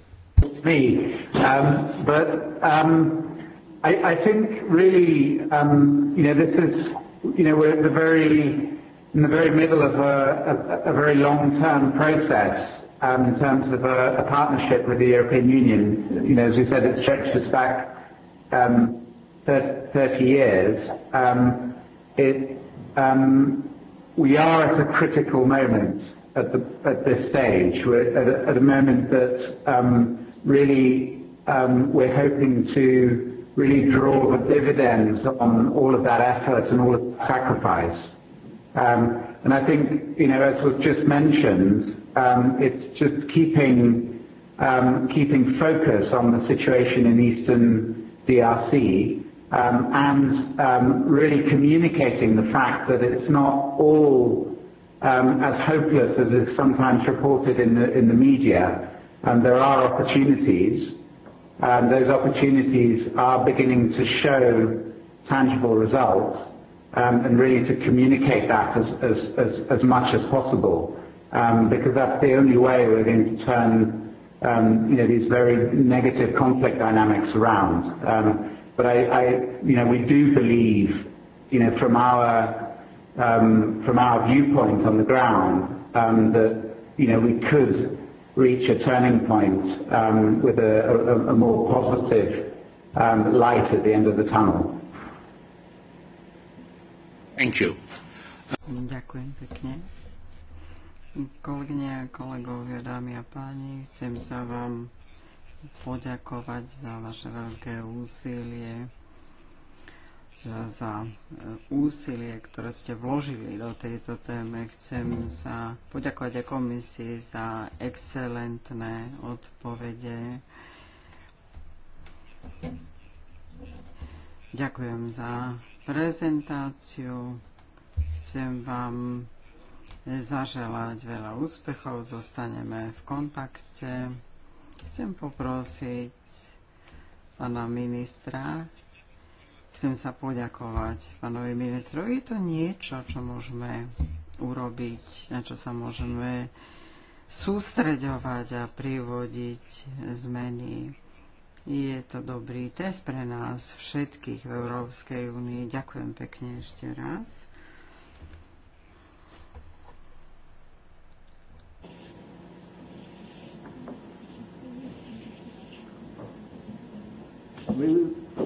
me. Um, but um, I, I think really, um, you know, this is, you know, we're at the very, in the very middle of a, a, a very long-term process um, in terms of a, a partnership with the European Union. You know, as we said, it stretches back um, 30 years. Um, it, um, we are at a critical moment at, the, at this stage. We're at a, at a moment that um, really, um, we're hoping to really draw the dividends on all of that effort and all of the sacrifice. Um, I think, you know, as was just mentioned, um, it's just keeping focus on the situation in Eastern DRC, and really communicating the fact that it's not all as hopeless as is sometimes reported in the media and there are opportunities, and those opportunities are beginning to show tangible results, um, and really to communicate that as much as possible. Um, because that's the only way we're going to turn um, these very negative conflict dynamics around. I you know We do believe you know, from our from our viewpoint on the ground, that you know we could reach a turning point um, with a more positive um, light at the end of the tunnel. Thank you. Ďakujem pekne. Kolegyne a kolegovia, dámy a páni, chcem sa vám poďakovať za vaše veľké úsilie za e, úsilie, ktoré ste vložili do tejto téme. Chcem sa poďakovať aj komisii za excelentné odpovede. Ďakujem za prezentáciu. Chcem vám zaželať veľa úspechov. Zostaneme v kontakte. Chcem poprosiť pána ministra Chcem sa poďakovať pánovi ministrovi. Je to niečo, čo môžeme urobiť, na čo sa môžeme sústreďovať a privodiť zmeny. Je to dobrý test pre nás všetkých v Európskej únii. Ďakujem pekne ešte raz.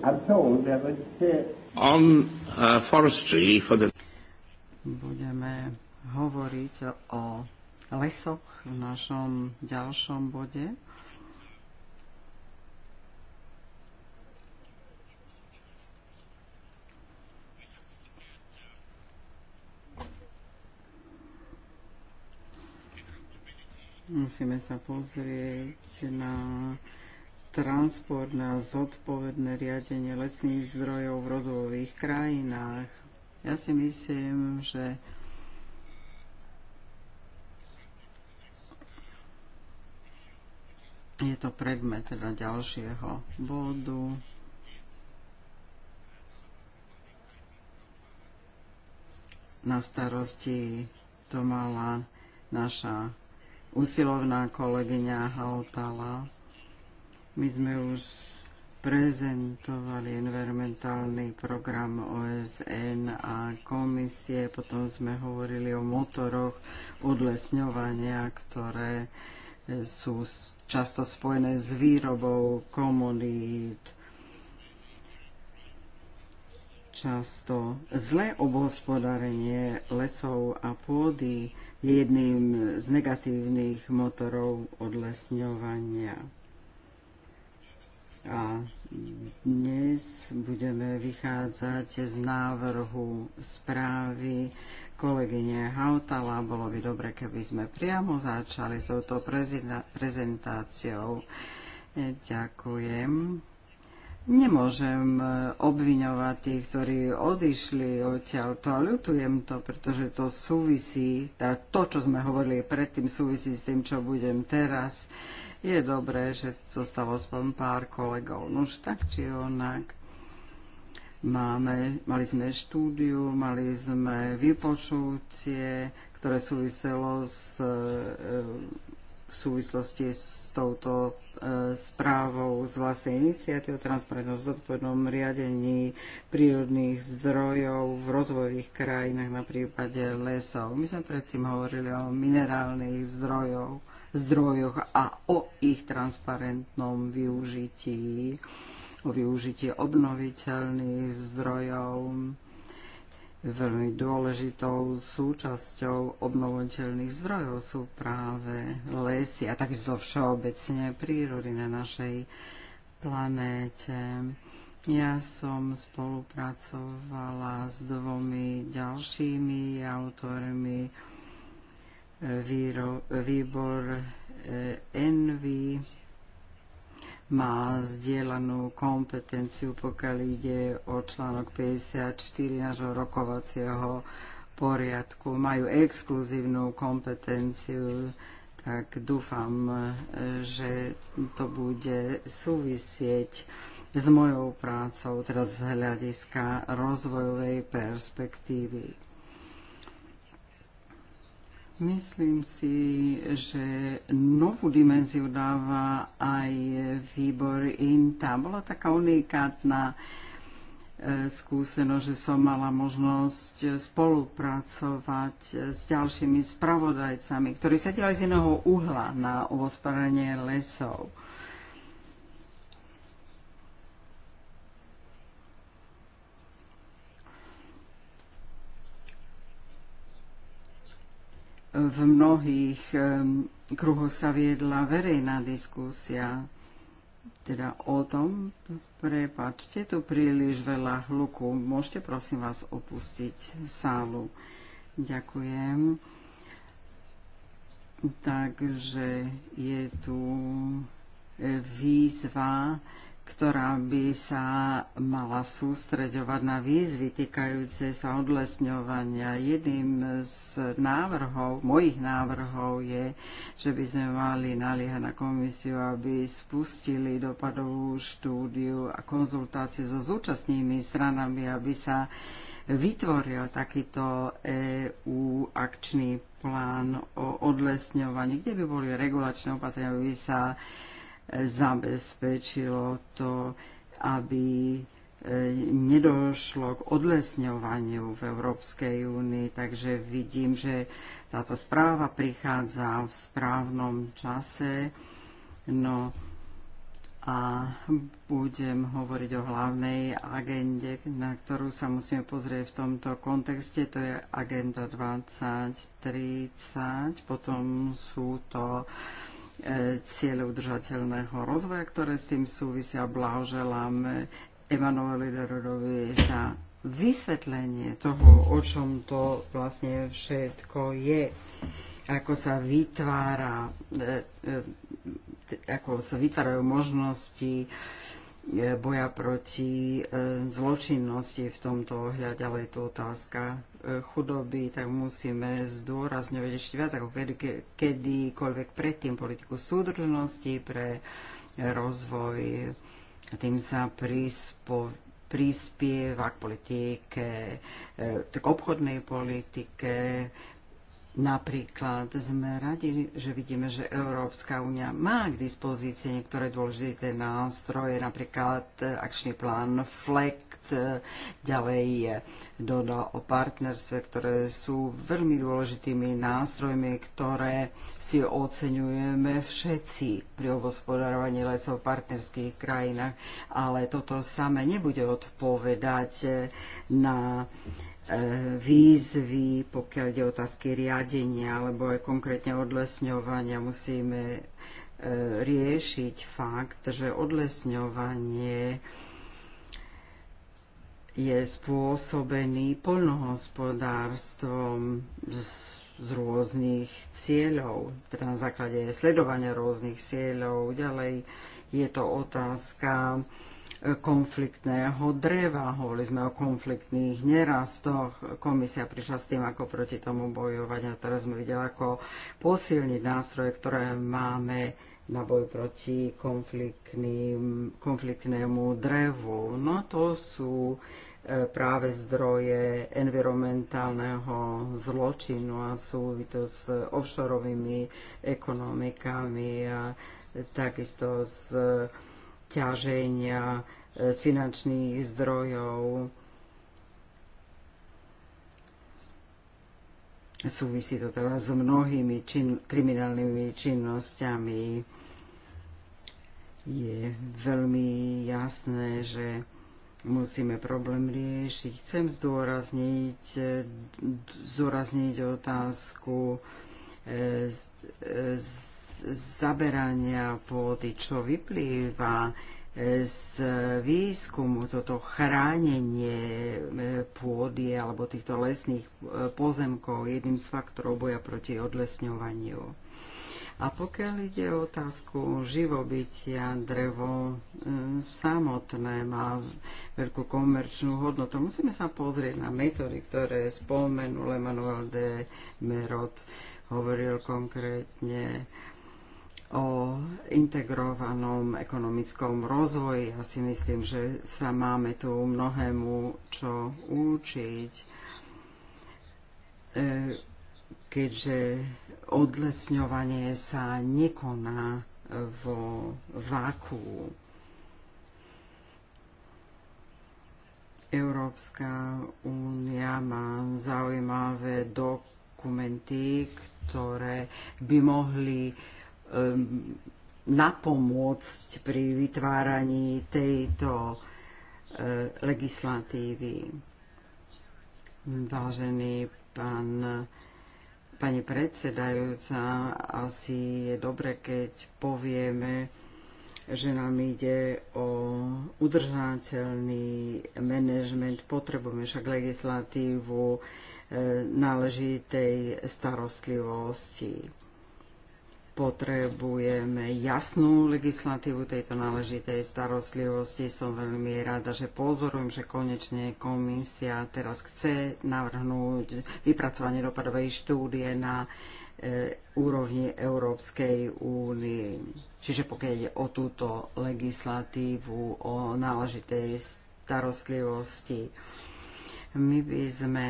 Uh, Budeme hovoriť o lesoch v našom ďalšom bode. Musíme sa pozrieť na transport na zodpovedné riadenie lesných zdrojov v rozvojových krajinách. Ja si myslím, že je to predmet teda ďalšieho bodu. Na starosti to mala naša usilovná kolegyňa Hautala. My sme už prezentovali environmentálny program OSN a komisie, potom sme hovorili o motoroch odlesňovania, ktoré sú často spojené s výrobou komunít, často zlé obhospodárenie lesov a pôdy je jedným z negatívnych motorov odlesňovania. A dnes budeme vychádzať z návrhu správy kolegyne Hautala. Bolo by dobre, keby sme priamo začali s touto prezentáciou. E, ďakujem. Nemôžem e, obviňovať tých, ktorí odišli odtiaľ. To ľutujem to, pretože to súvisí, to, čo sme hovorili predtým, súvisí s tým, čo budem teraz je dobré, že zostalo aspoň pár kolegov. No už tak či onak. Máme, mali sme štúdiu, mali sme vypočutie, ktoré súviselo s, e, v súvislosti s touto e, správou z vlastnej iniciatívy o transparentnosť v odpovednom riadení prírodných zdrojov v rozvojových krajinách, na prípade lesov. My sme predtým hovorili o minerálnych zdrojov zdrojoch a o ich transparentnom využití, o využití obnoviteľných zdrojov. Veľmi dôležitou súčasťou obnoviteľných zdrojov sú práve lesy a takisto všeobecne prírody na našej planéte. Ja som spolupracovala s dvomi ďalšími autormi Výro, výbor Envy eh, má zdieľanú kompetenciu, pokiaľ ide o článok 54 nášho rokovacieho poriadku. Majú exkluzívnu kompetenciu, tak dúfam, eh, že to bude súvisieť s mojou prácou, teraz z hľadiska rozvojovej perspektívy. Myslím si, že novú dimenziu dáva aj výbor INTA. Bola taká unikátna e, skúsenosť, že som mala možnosť spolupracovať s ďalšími spravodajcami, ktorí sedeli z iného uhla na obospodárenie lesov. v mnohých kruhoch sa viedla verejná diskusia, teda o tom, prepačte tu príliš veľa hluku, môžete prosím vás opustiť sálu. Ďakujem. Takže je tu e, výzva ktorá by sa mala sústreďovať na výzvy týkajúce sa odlesňovania. Jedným z návrhov, mojich návrhov je, že by sme mali naliehať na komisiu, aby spustili dopadovú štúdiu a konzultácie so zúčastnými stranami, aby sa vytvoril takýto EU akčný plán o odlesňovaní, kde by boli regulačné opatrenia, aby sa zabezpečilo to, aby e, nedošlo k odlesňovaniu v Európskej únii, takže vidím, že táto správa prichádza v správnom čase. No a budem hovoriť o hlavnej agende, na ktorú sa musíme pozrieť v tomto kontexte. To je agenda 2030, potom sú to uh, cieľe udržateľného rozvoja, ktoré s tým súvisia. Blahoželám Emanueli Lerodovi za vysvetlenie toho, o čom to vlastne všetko je, ako sa vytvára, e, e, ako sa vytvárajú možnosti e, boja proti zločinnosti v tomto ohľade, ale je to otázka chudoby, tak musíme zdôrazňovať ešte viac ako kedy, kedykoľvek predtým politiku súdržnosti pre rozvoj a tým sa prispo, prispieva k politike, e, tak obchodnej politike, Napríklad sme radi, že vidíme, že Európska únia má k dispozícii niektoré dôležité nástroje, napríklad eh, akčný plán FLECT, eh, ďalej doda o partnerstve, ktoré sú veľmi dôležitými nástrojmi, ktoré si oceňujeme všetci pri obospodarovaní lesov v partnerských krajinách, ale toto samé nebude odpovedať eh, na E, výzvy, pokiaľ ide otázky riadenia alebo aj konkrétne odlesňovania, musíme e, riešiť fakt, že odlesňovanie je spôsobený poľnohospodárstvom z, z rôznych cieľov, teda na základe sledovania rôznych cieľov. Ďalej je to otázka konfliktného dreva, hovorili sme o konfliktných nerastoch, komisia prišla s tým, ako proti tomu bojovať a teraz sme videli, ako posilniť nástroje, ktoré máme na boj proti konfliktnému drevu. No to sú e, práve zdroje environmentálneho zločinu a súvisí to s offshoreovými ekonomikami a takisto s ťaženia e, z finančných zdrojov. Súvisí to teda s mnohými čin, kriminálnymi činnosťami. Je veľmi jasné, že musíme problém riešiť. Chcem zdôrazniť, e, zdôrazniť otázku e, z, z zaberania pôdy, čo vyplýva e, z výskumu toto chránenie e, pôdy alebo týchto lesných e, pozemkov jedným z faktorov boja proti odlesňovaniu. A pokiaľ ide o otázku živobytia, drevo samotné má veľkú komerčnú hodnotu. Musíme sa pozrieť na metódy, ktoré spomenul Emanuel de Merod, hovoril konkrétne o integrovanom ekonomickom rozvoji. Ja si myslím, že sa máme tu mnohému čo učiť, e, keďže odlesňovanie sa nekoná vo váku. Európska únia má zaujímavé dokumenty, ktoré by mohli uh, Um, napomôcť pri vytváraní tejto uh, legislatívy. Vážený pán, pani predsedajúca, asi je dobre, keď povieme, že nám ide o udržateľný manažment, potrebujeme však legislatívu uh, náležitej starostlivosti potrebujeme jasnú legislatívu tejto náležitej starostlivosti. Som veľmi rada, že pozorujem, že konečne komisia teraz chce navrhnúť vypracovanie dopadovej štúdie na e, úrovni Európskej únie. Čiže pokiaľ ide o túto legislatívu, o náležitej starostlivosti, my by sme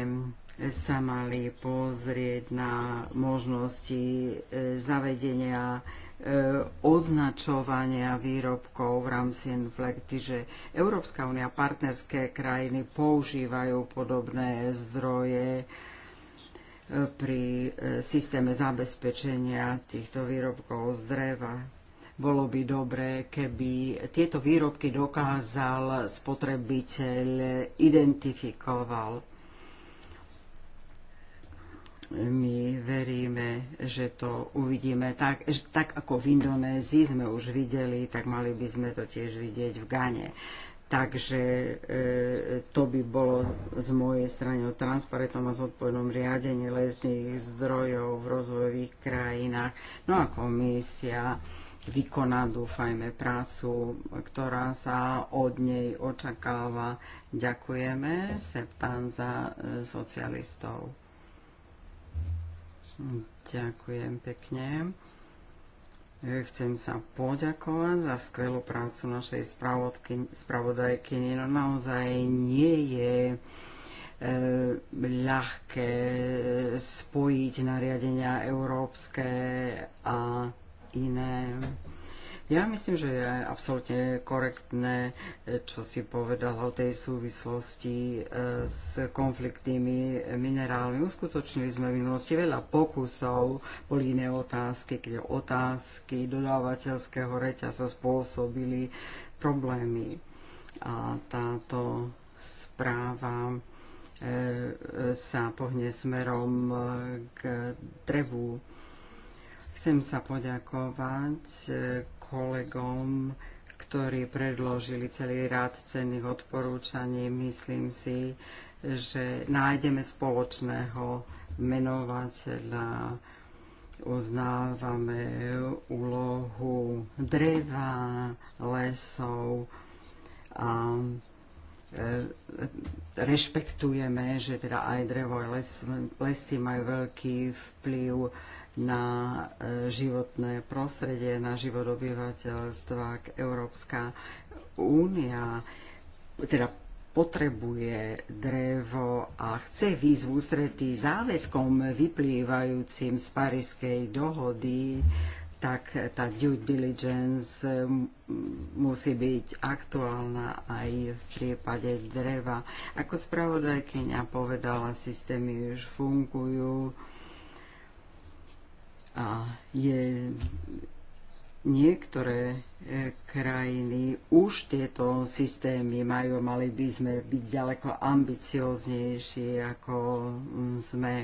sa mali pozrieť na možnosti e, zavedenia e, označovania výrobkov v rámci inflekty, že Európska únia a partnerské krajiny používajú podobné zdroje e, pri systéme zabezpečenia týchto výrobkov z dreva. Bolo by dobré, keby tieto výrobky dokázal spotrebiteľ identifikoval my veríme, že to uvidíme tak, že tak ako v Indonézii sme už videli, tak mali by sme to tiež vidieť v Gane. Takže e, to by bolo z mojej strany o transparentnom a zodpovednom riadení lesných zdrojov v rozvojových krajinách. No a komisia vykoná, dúfajme, prácu, ktorá sa od nej očakáva. Ďakujeme, Septán za e, socialistov. Ďakujem pekne. E, chcem sa poďakovať za skvelú prácu našej spravodajky. No naozaj nie je e, ľahké e, spojiť nariadenia európske a iné. Ja myslím, že je absolútne korektné, eh, čo si povedala o tej súvislosti eh, s konfliktnými minerálmi. Uskutočnili sme v minulosti veľa pokusov, boli iné otázky, keď otázky dodávateľského reťaza spôsobili problémy. A táto správa eh, sa pohne smerom k drevu. Chcem sa poďakovať kolegom, ktorí predložili celý rád cenných odporúčaní. Myslím si, že nájdeme spoločného menovateľa. Uznávame úlohu dreva, lesov a e, rešpektujeme, že teda aj drevo, aj les, lesy majú veľký vplyv na e, životné prostredie, na život obyvateľstva, ak Európska únia teda potrebuje drevo a chce výjsť v ústretí záväzkom vyplývajúcim z Parískej dohody, tak tá due diligence musí byť aktuálna aj v prípade dreva. Ako spravodajkyňa povedala, systémy už fungujú a je niektoré e, krajiny už tieto systémy majú, mali by sme byť ďaleko ambicioznejší, ako mm, sme.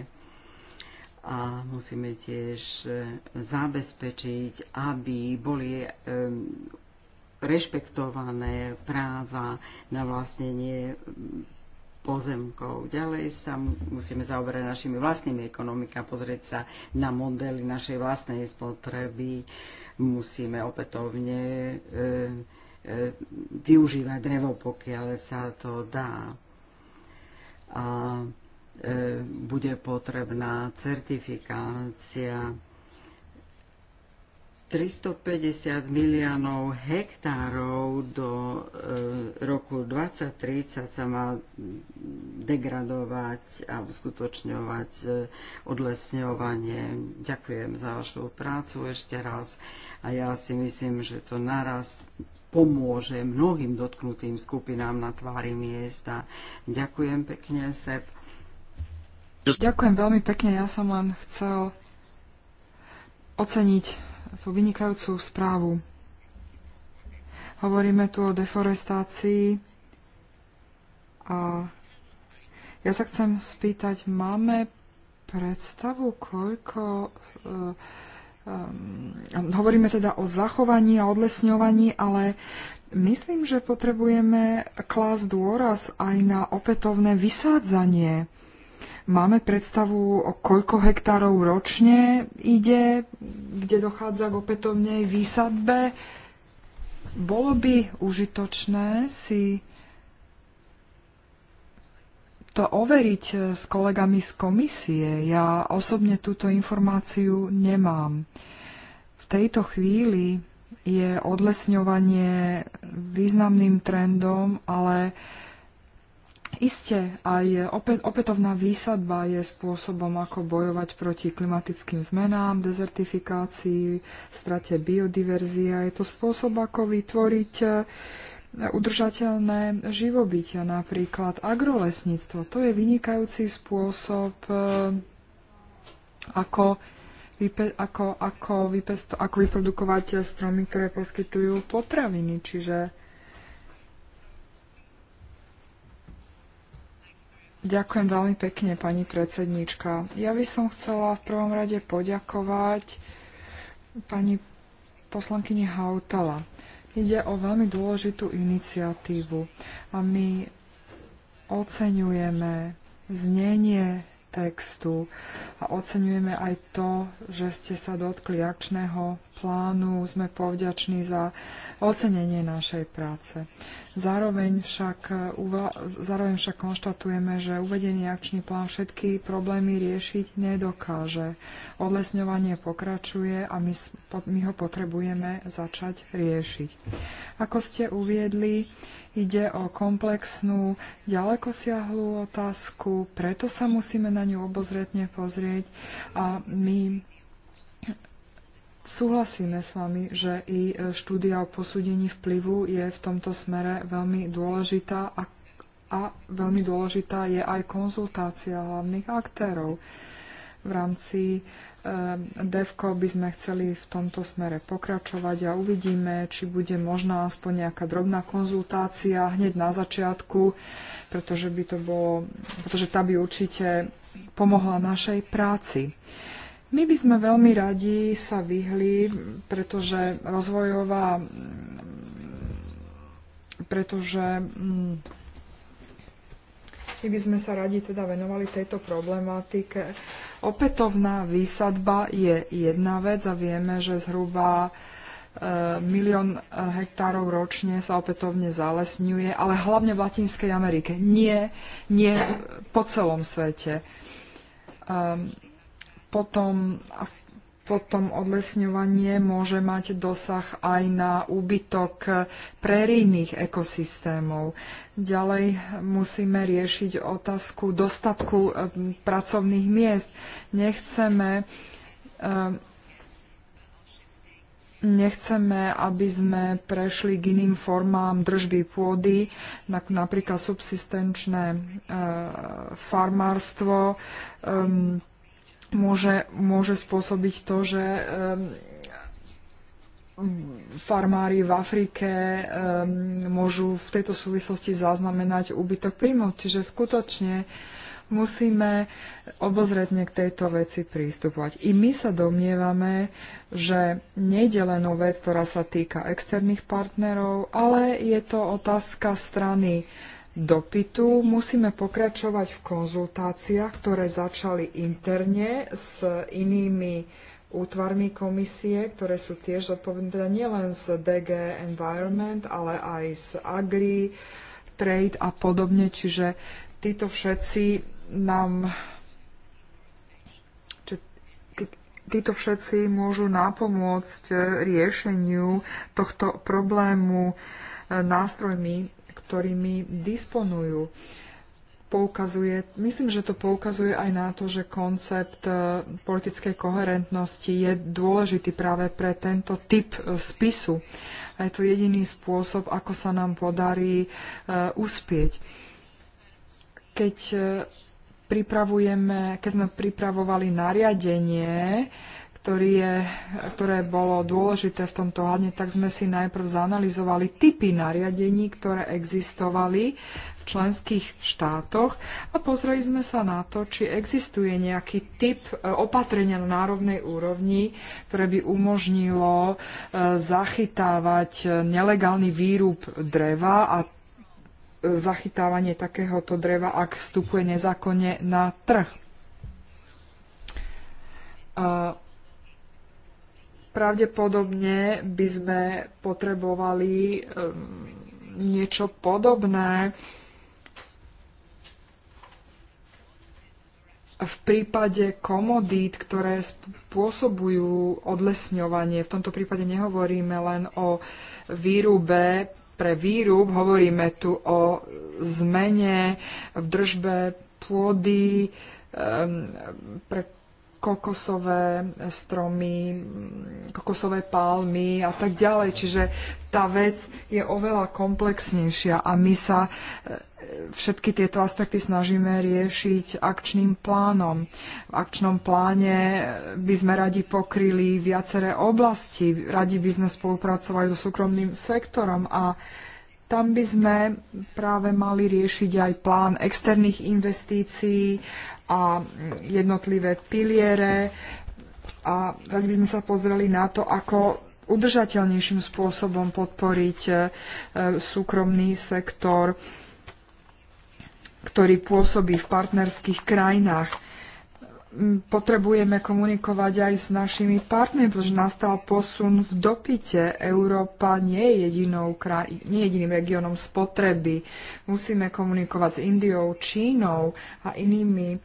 A musíme tiež e, zabezpečiť, aby boli e, rešpektované práva na vlastnenie pozemkov. Ďalej sa musíme zaoberať našimi vlastnými ekonomika, pozrieť sa na modely našej vlastnej spotreby. Musíme opätovne e, e, využívať drevo, pokiaľ sa to dá. A e, bude potrebná certifikácia 350 miliónov hektárov do e, roku 2030 sa má degradovať a uskutočňovať e, odlesňovanie. Ďakujem za vašu prácu ešte raz a ja si myslím, že to naraz pomôže mnohým dotknutým skupinám na tvári miesta. Ďakujem pekne, Seb. Ďakujem veľmi pekne, ja som len chcel oceniť tú vynikajúcu správu. Hovoríme tu o deforestácii a ja sa chcem spýtať, máme predstavu, koľko... um, hovoríme teda o zachovaní a odlesňovaní, ale myslím, že potrebujeme klásť dôraz aj na opätovné vysádzanie Máme predstavu, o koľko hektárov ročne ide, kde dochádza k opätovnej výsadbe. Bolo by užitočné si to overiť eh, s kolegami z komisie. Ja osobne túto informáciu nemám. V tejto chvíli je odlesňovanie významným trendom, ale Isté, aj opä, opätovná výsadba je spôsobom, ako bojovať proti klimatickým zmenám, dezertifikácii, strate biodiverzia. Je to spôsob, ako vytvoriť eh, udržateľné živobytia, napríklad agrolesníctvo. To je vynikajúci spôsob, eh, ako, vype, ako, ako, vypesto, ako vyprodukovať stromy, ktoré poskytujú potraviny. Čiže Ďakujem veľmi pekne, pani predsedníčka. Ja by som chcela v prvom rade poďakovať pani poslankyni Hautala. Ide o veľmi dôležitú iniciatívu a my oceňujeme znenie textu a oceňujeme aj to, že ste sa dotkli akčného plánu. Sme povďační za ocenenie našej práce. Zároveň však, zároveň však konštatujeme, že uvedený akčný plán všetky problémy riešiť nedokáže. Odlesňovanie pokračuje a my, my ho potrebujeme začať riešiť. Ako ste uviedli, Ide o komplexnú, ďalekosiahlú otázku, preto sa musíme na ňu obozretne pozrieť a my súhlasíme s vami, že i e, štúdia o posúdení vplyvu je v tomto smere veľmi dôležitá a, a veľmi dôležitá je aj konzultácia hlavných aktérov v rámci DEVKO by sme chceli v tomto smere pokračovať a uvidíme, či bude možná aspoň nejaká drobná konzultácia hneď na začiatku, pretože, by to bolo, pretože tá by určite pomohla našej práci. My by sme veľmi radi sa vyhli, pretože rozvojová pretože mm, my by sme sa radi teda venovali tejto problematike. Opätovná výsadba je jedna vec a vieme, že zhruba e, milión e, hektárov ročne sa opätovne zalesňuje, ale hlavne v Latinskej Amerike. Nie, nie po celom svete. Ehm, potom potom odlesňovanie môže mať dosah aj na úbytok prerijných ekosystémov. Ďalej musíme riešiť otázku dostatku eh, pracovných miest. Nechceme, eh, nechceme, aby sme prešli k iným formám držby pôdy, napríklad subsistenčné eh, farmárstvo, ehm, môže, môže spôsobiť to, že ehm, farmári v Afrike ehm, môžu v tejto súvislosti zaznamenať úbytok príjmov. Čiže skutočne musíme obozretne k tejto veci prístupovať. I my sa domnievame, že nejde len o vec, ktorá sa týka externých partnerov, ale je to otázka strany dopytu. Musíme pokračovať v konzultáciách, ktoré začali interne s inými útvarmi komisie, ktoré sú tiež zodpovedné teda nielen z DG Environment, ale aj z Agri, Trade a podobne. Čiže títo všetci nám títo všetci môžu napomôcť eh, riešeniu tohto problému eh, nástrojmi, ktorými disponujú. Poukazuje, myslím, že to poukazuje aj na to, že koncept e, politickej koherentnosti je dôležitý práve pre tento typ e, spisu. A je to jediný spôsob, ako sa nám podarí e, uspieť. Keď pripravujeme, keď sme pripravovali nariadenie, ktorý je, ktoré bolo dôležité v tomto hľadne, tak sme si najprv zanalizovali typy nariadení, ktoré existovali v členských štátoch a pozreli sme sa na to, či existuje nejaký typ e, opatrenia na národnej úrovni, ktoré by umožnilo e, zachytávať e, nelegálny výrub dreva a zachytávanie takéhoto dreva, ak vstupuje nezákonne na trh. Pravdepodobne by sme potrebovali um, niečo podobné v prípade komodít, ktoré spôsobujú odlesňovanie. V tomto prípade nehovoríme len o výrube pre výrub, hovoríme tu o zmene v držbe pôdy, um, pre kokosové stromy, kokosové palmy a tak ďalej. Čiže tá vec je oveľa komplexnejšia a my sa e, všetky tieto aspekty snažíme riešiť akčným plánom. V akčnom pláne by sme radi pokryli viaceré oblasti, radi by sme spolupracovali so súkromným sektorom a tam by sme práve mali riešiť aj plán externých investícií, a jednotlivé piliere a radi by sme sa pozreli na to, ako udržateľnejším spôsobom podporiť e, súkromný sektor, ktorý pôsobí v partnerských krajinách potrebujeme komunikovať aj s našimi partnermi, pretože nastal posun v dopite. Európa nie je, jedinou kraj- nie je jediným regiónom spotreby. Musíme komunikovať s Indiou, Čínou a inými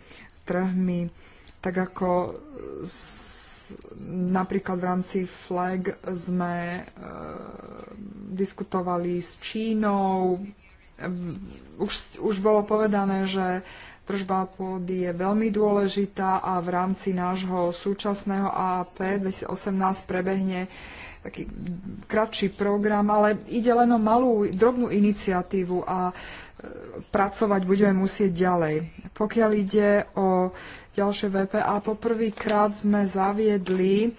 trhmi, tak ako s, napríklad v rámci FLAG sme e, diskutovali s Čínou. Už, už bolo povedané, že e, Držba pôdy je veľmi dôležitá a v rámci nášho súčasného AAP 2018 prebehne taký kratší program, ale ide len o malú, drobnú iniciatívu a e, pracovať budeme musieť ďalej. Pokiaľ ide o ďalšie VPA, poprvýkrát sme zaviedli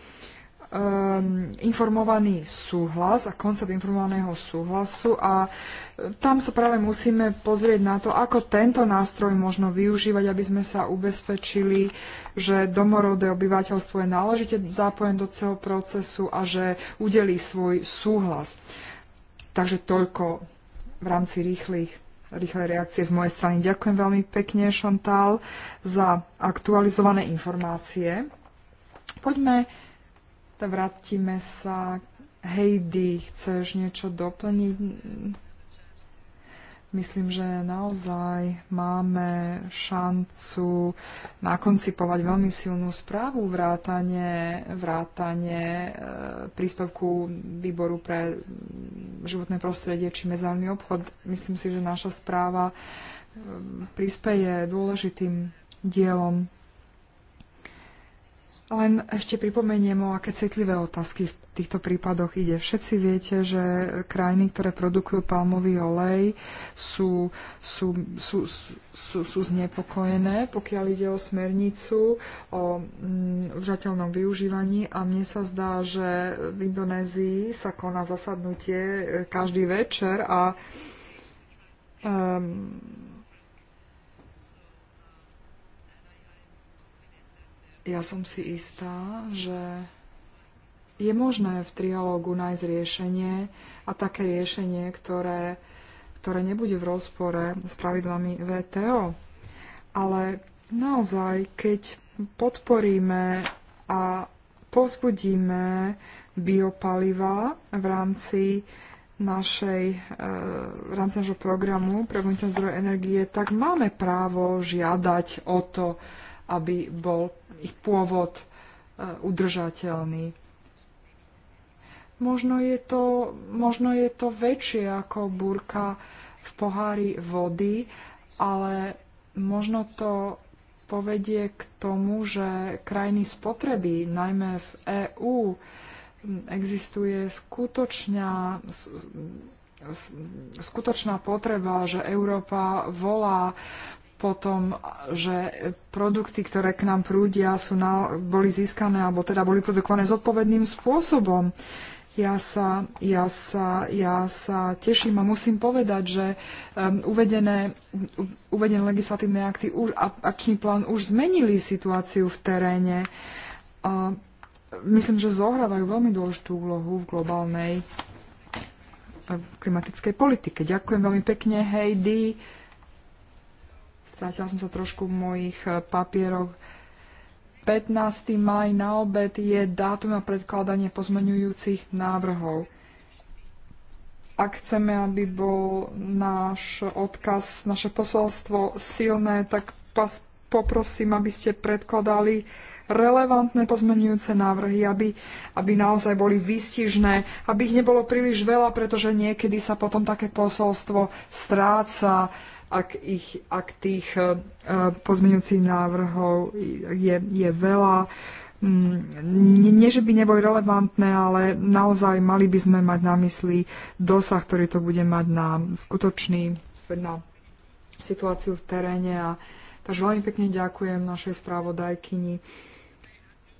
um, informovaný súhlas a koncept informovaného súhlasu a e, tam sa práve musíme pozrieť na to, ako tento nástroj možno využívať, aby sme sa ubezpečili, že domorodé obyvateľstvo je náležite zapojené do celého procesu a že udelí svoj súhlas. Takže toľko v rámci rýchlych rýchle reakcie z mojej strany. Ďakujem veľmi pekne, Šantál, za aktualizované informácie. Poďme Vrátime sa. Heidi, chceš niečo doplniť? Myslím, že naozaj máme šancu nakoncipovať veľmi silnú správu vrátane, vrátanie e, príspevku výboru pre životné prostredie či medzinárodný obchod. Myslím si, že naša správa e, prispeje dôležitým dielom len ešte pripomeniem, o aké citlivé otázky v týchto prípadoch ide. Všetci viete, že krajiny, ktoré produkujú palmový olej, sú, sú, sú, sú, sú znepokojené, pokiaľ ide o smernicu, o mm, užateľnom využívaní. A mne sa zdá, že v Indonézii sa koná zasadnutie e, každý večer a um, ja som si istá, že je možné v trialógu nájsť riešenie a také riešenie, ktoré, ktoré nebude v rozpore s pravidlami VTO. Ale naozaj, keď podporíme a pozbudíme biopaliva v rámci našej, e, v rámci našho programu pre zdroje energie, tak máme právo žiadať o to, aby bol ich pôvod e, udržateľný. Možno je, to, možno je to väčšie ako burka v pohári vody, ale možno to povedie k tomu, že krajiny spotreby, najmä v EÚ, existuje skutočná, skutočná potreba, že Európa volá potom, že produkty, ktoré k nám prúdia, sú na, boli získané alebo teda boli produkované zodpovedným spôsobom. Ja sa, ja sa, ja sa teším a musím povedať, že um, uvedené, uvedené legislatívne akty, už, akčný plán už zmenili situáciu v teréne a myslím, že zohrávajú veľmi dôležitú úlohu v globálnej uh, klimatickej politike. Ďakujem veľmi pekne, Heidi. Strátila som sa trošku v mojich e, papieroch. 15. maj na obed je dátum na predkladanie pozmeňujúcich návrhov. Ak chceme, aby bol náš odkaz, naše posolstvo silné, tak vás poprosím, aby ste predkladali relevantné pozmenujúce návrhy, aby, aby naozaj boli výstižné, aby ich nebolo príliš veľa, pretože niekedy sa potom také posolstvo stráca ak, ich, ak tých eh, eh, pozmeňujúcich návrhov je, je veľa. Mm, nie, že by neboli relevantné, ale naozaj mali by sme mať na mysli dosah, ktorý to bude mať na skutočný, na situáciu v teréne. A, takže veľmi pekne ďakujem našej správodajkyni.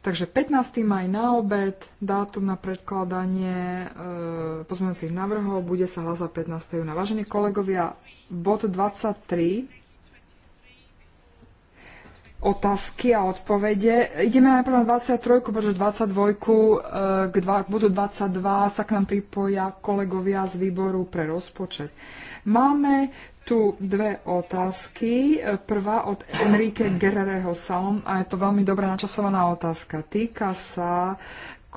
Takže 15. maj na obed, dátum na predkladanie e, pozmeňujúcich návrhov, bude sa hlasovať 15. júna. Vážení kolegovia, bod 23, otázky a odpovede. Ideme najprv na 23, pretože 22, eh, k, dva, k bodu 22 sa k nám pripoja kolegovia z výboru pre rozpočet. Máme tu dve otázky. Prvá od Enrique Guerrero Salom a je to veľmi dobrá načasovaná otázka. Týka sa eh,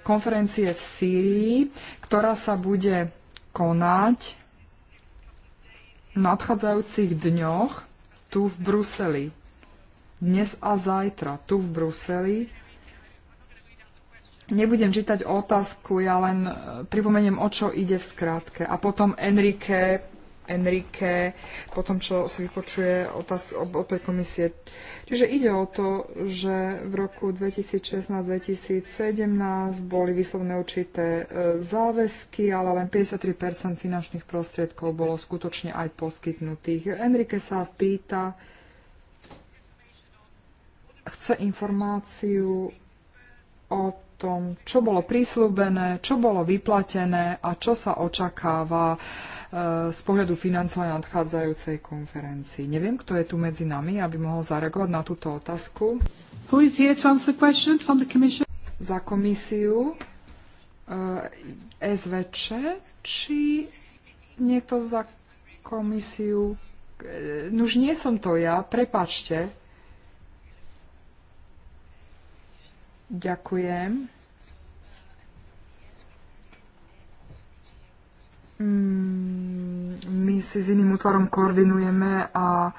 konferencie v Sýrii, ktorá sa bude konať nadchádzajúcich dňoch tu v Bruseli. Dnes a zajtra tu v Bruseli. Nebudem čítať otázku, ja len e, pripomeniem, o čo ide v skratke. A potom Enrique Enrique, potom čo si vypočuje otáz, opäť komisie. Čiže ide o to, že v roku 2016-2017 boli vyslovne určité e, záväzky, ale len 53 finančných prostriedkov bolo skutočne aj poskytnutých. Enrique sa pýta, chce informáciu o tom, čo bolo prísľubené, čo bolo vyplatené a čo sa očakáva z pohľadu financovania nadchádzajúcej konferencii. Neviem, kto je tu medzi nami, aby mohol zareagovať na túto otázku. Who is here to answer the question from the commission? Za komisiu eh, SVČ, či niekto za komisiu... Eh, nuž nie som to ja, prepačte. Ďakujem. Mm, my si s iným útvarom koordinujeme a e,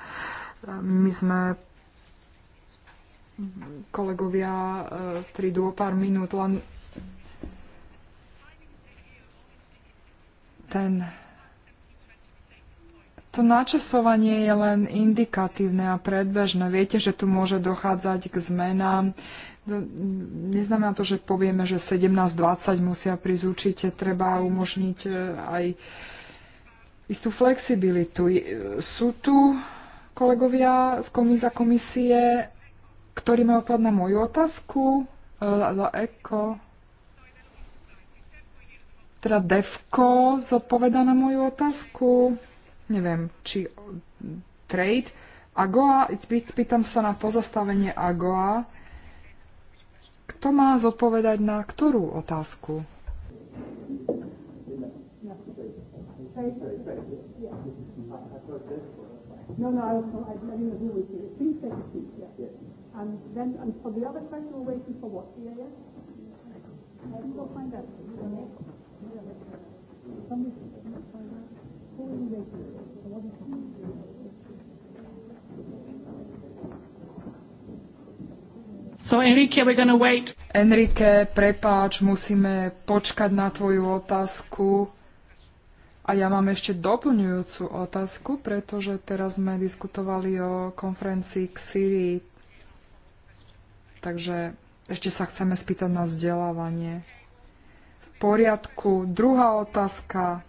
my sme kolegovia prídu e, o pár minút, len ten to načasovanie je len indikatívne a predbežné. Viete, že tu môže dochádzať k zmenám. Neznamená to, že povieme, že 17.20 musia prísť. Určite treba umožniť e, aj istú flexibilitu. Sú tu kolegovia z komisa komisie, ktorí majú odpovedať na moju otázku? E, za eko. Teda Devko zodpoveda na moju otázku. Neviem, či trade. Agoa, pýtam sa na pozastavenie Agoa kto má zodpovedať na ktorú otázku? No, no, I, I, I didn't agree with you. Please take a seat. Yeah. Yes. And then, and for the other question, we're waiting for what? The AS? I think find out. Somebody find out. Who are you waiting for? What is it? So Enrique, we're gonna wait. Enrique, prepáč, musíme počkať na tvoju otázku. A ja mám ešte doplňujúcu otázku, pretože teraz sme diskutovali o konferencii k Syrii. Takže ešte sa chceme spýtať na vzdelávanie. V poriadku. Druhá otázka.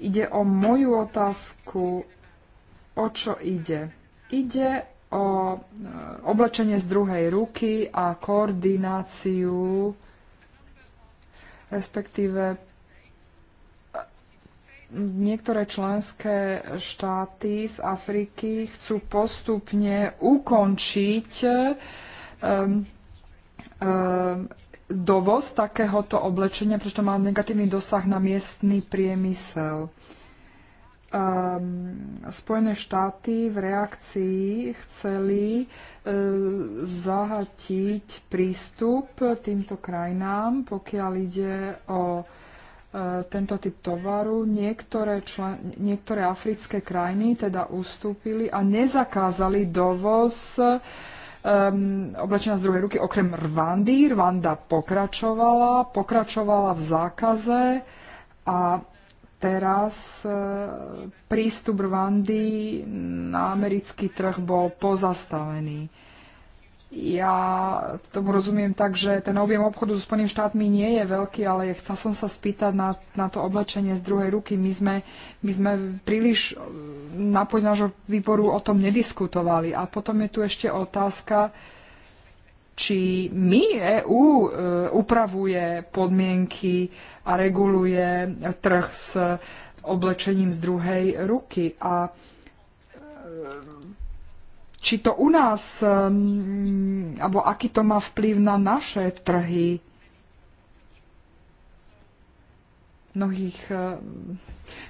Ide o moju otázku. O čo ide? Ide o oblečenie z druhej ruky a koordináciu, respektíve niektoré členské štáty z Afriky chcú postupne ukončiť um, um, dovoz takéhoto oblečenia, pretože to má negatívny dosah na miestny priemysel. Um, um, Spojené štáty v reakcii chceli uh, e, zahatiť prístup týmto krajinám, pokiaľ ide o e, tento typ tovaru. Niektoré, člen, niektoré africké krajiny teda ustúpili a nezakázali dovoz um, oblečenia z druhej ruky, okrem Rwandy. Rwanda pokračovala, pokračovala v zákaze a teraz e, prístup Rwandy na americký trh bol pozastavený. Ja tomu rozumiem tak, že ten objem obchodu so Spojenými štátmi nie je veľký, ale chcel som sa spýtať na, na to oblečenie z druhej ruky. My sme, my sme príliš e, na nášho výboru o tom nediskutovali. A potom je tu ešte otázka, uh, či my EÚ e, upravuje podmienky a reguluje trh s oblečením z druhej ruky a e, či to u nás, e, alebo aký to má vplyv na naše trhy mnohých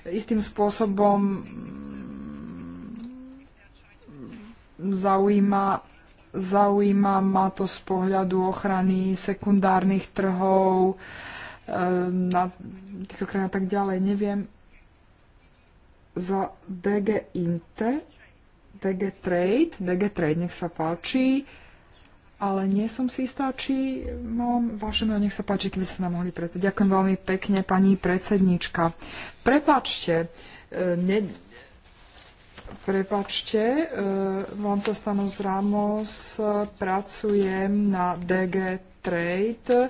istým spôsobom mm, zaujíma Zaujíma ma to z pohľadu ochrany sekundárnych trhov, e, na týchto krajín a tak ďalej. Neviem, za DG Inter, DG Trade, DG Trade, nech sa páči, ale nie som si istá, či mám vaše meno, nech sa páči, keby ste nám mohli predstaviť. Ďakujem veľmi pekne, pani predsednička. Prepačte, e, ne, Prepačte, Vonsastanos e, Ramos, e, pracujem na DG Trade e,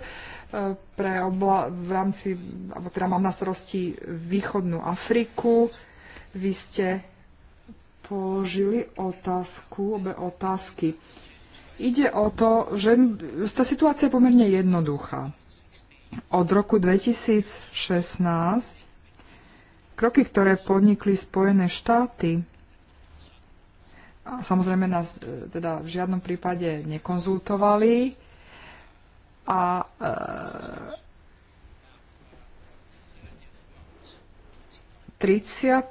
pre obla- v rámci, alebo teda mám na starosti východnú Afriku. Vy ste položili otázku, obe otázky. Ide o to, že tá situácia je pomerne jednoduchá. Od roku 2016 kroky, ktoré podnikli Spojené štáty a samozrejme nás e, teda v žiadnom prípade nekonzultovali a e, 30.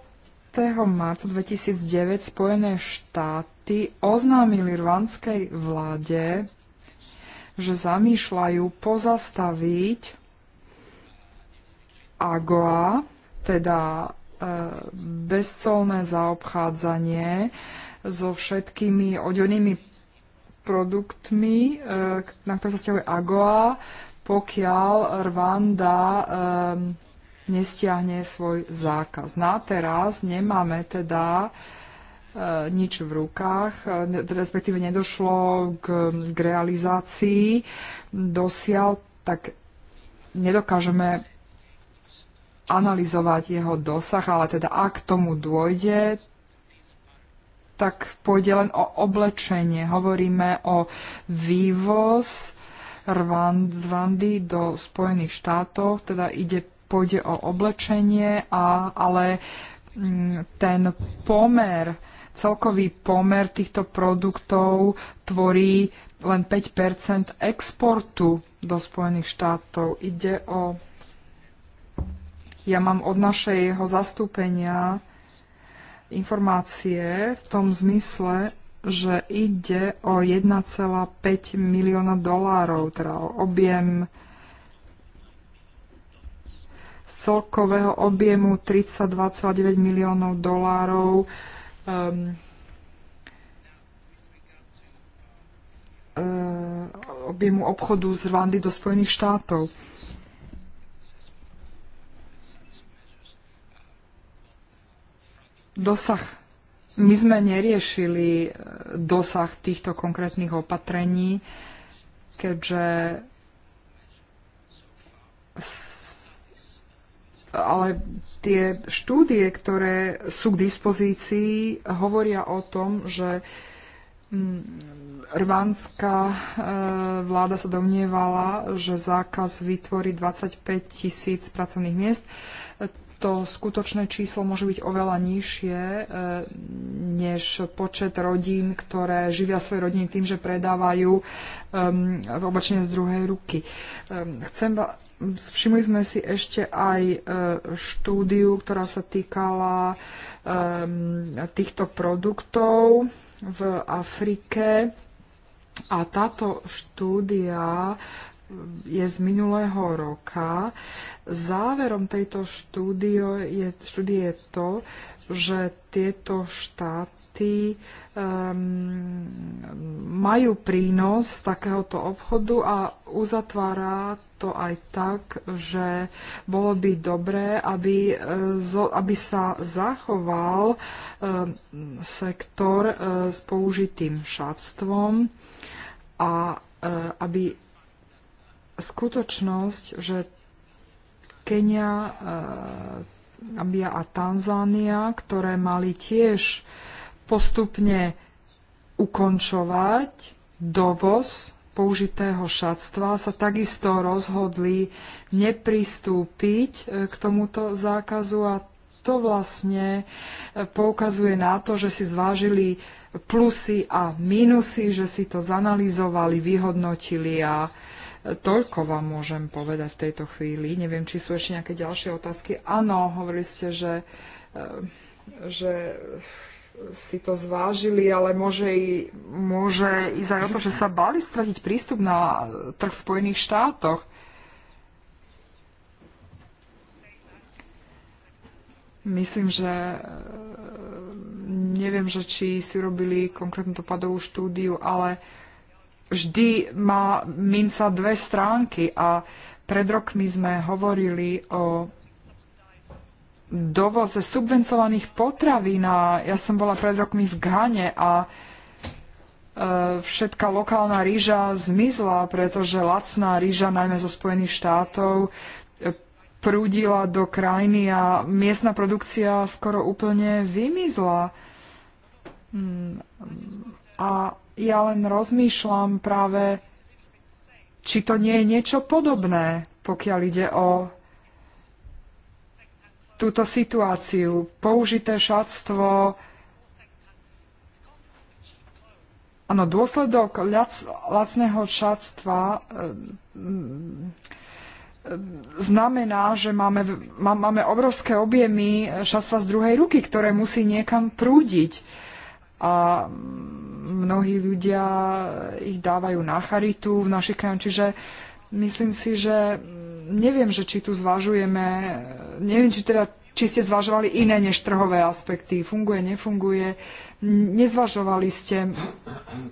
marca 2009 Spojené štáty oznámili rvanskej vláde, že zamýšľajú pozastaviť AGOA, teda e, bezcolné zaobchádzanie so všetkými odenými produktmi, e, na ktoré sa stiahuje AGOA, pokiaľ Rwanda um, nestiahne svoj zákaz. Na no teraz nemáme teda e, nič v rukách, respektíve nedošlo k, k realizácii dosiaľ, tak nedokážeme analyzovať jeho dosah, ale teda ak tomu dôjde, tak pôjde len o oblečenie. Hovoríme o vývoz z Rwandy do Spojených štátov, teda ide, pôjde o oblečenie, a, ale mm, ten pomer, celkový pomer týchto produktov tvorí len 5 exportu do Spojených štátov. Ide o... Ja mám od našeho zastúpenia informácie v tom zmysle, že ide o 1,5 milióna dolárov, teda o objem z celkového objemu 32,9 miliónov dolárov. Um, objemu obchodu z Rwandy do Spojených štátov. dosah. My sme neriešili e, dosah týchto konkrétnych opatrení, keďže ale tie štúdie, ktoré sú k dispozícii, hovoria o tom, že mm, rvánska e, vláda sa domnievala, že zákaz vytvorí 25 tisíc pracovných miest to skutočné číslo môže byť oveľa nižšie e, než počet rodín, ktoré živia svoje rodiny tým, že predávajú v e, obačne z druhej ruky. E, chcem Všimli sme si ešte aj štúdiu, ktorá sa týkala týchto produktov v Afrike. A táto štúdia je z minulého roka. Záverom tejto štúdio je, štúdie je to, že tieto štáty um, majú prínos z takéhoto obchodu a uzatvára to aj tak, že bolo by dobré, aby, e, aby sa zachoval um, sektor uh, s použitým šatstvom a uh, aby skutočnosť, že Kenia, eh, Gambia a Tanzánia, ktoré mali tiež postupne ukončovať dovoz použitého šatstva, sa takisto rozhodli nepristúpiť eh, k tomuto zákazu a to vlastne eh, poukazuje na to, že si zvážili plusy a minusy, že si to zanalizovali, vyhodnotili a Toľko vám môžem povedať v tejto chvíli. Neviem, či sú ešte nejaké ďalšie otázky. Áno, hovorili ste, že, e, že si to zvážili, ale môže, môže ísť aj o to, že sa bali stratiť prístup na trh v Spojených štátoch. Myslím, že e, neviem, že či si robili konkrétnu dopadovú štúdiu, ale uh, vždy má minca dve stránky a pred rokmi sme hovorili o dovoze subvencovaných potravín a ja som bola pred rokmi v Ghane a e, všetká lokálna rýža zmizla, pretože lacná rýža, najmä zo Spojených štátov, e, prúdila do krajiny a miestna produkcia skoro úplne vymizla. Hmm, a ja len rozmýšľam práve, či to nie je niečo podobné, pokiaľ ide o túto situáciu. Použité šatstvo, Áno, dôsledok ľac, lacného šatstva eh, znamená, že máme, máme obrovské objemy šatstva z druhej ruky, ktoré musí niekam prúdiť a mnohí ľudia ich dávajú na charitu v našich krajinách. Čiže myslím si, že neviem, že či tu zvažujeme, neviem, či teda či ste zvažovali iné než trhové aspekty, funguje, nefunguje. Nezvažovali ste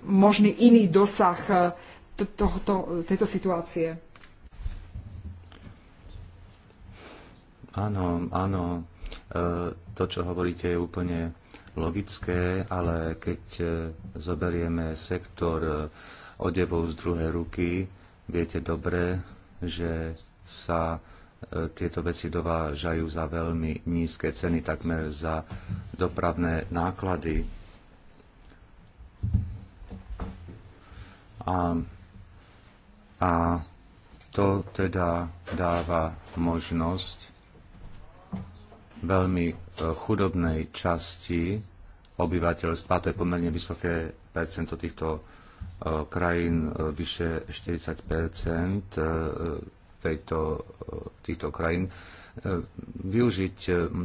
možný iný dosah eh, tohoto, tejto situácie? Áno, áno. E, to, čo hovoríte, je úplne logické, ale keď e, zoberieme sektor e, odevov z druhej ruky, viete dobre, že sa e, tieto veci dovážajú za veľmi nízke ceny, takmer za dopravné náklady. A, a to teda dáva možnosť veľmi e, chudobnej časti obyvateľstva, to je pomerne vysoké percento týchto e, krajín, e, vyše 40 tejto, týchto krajín, využiť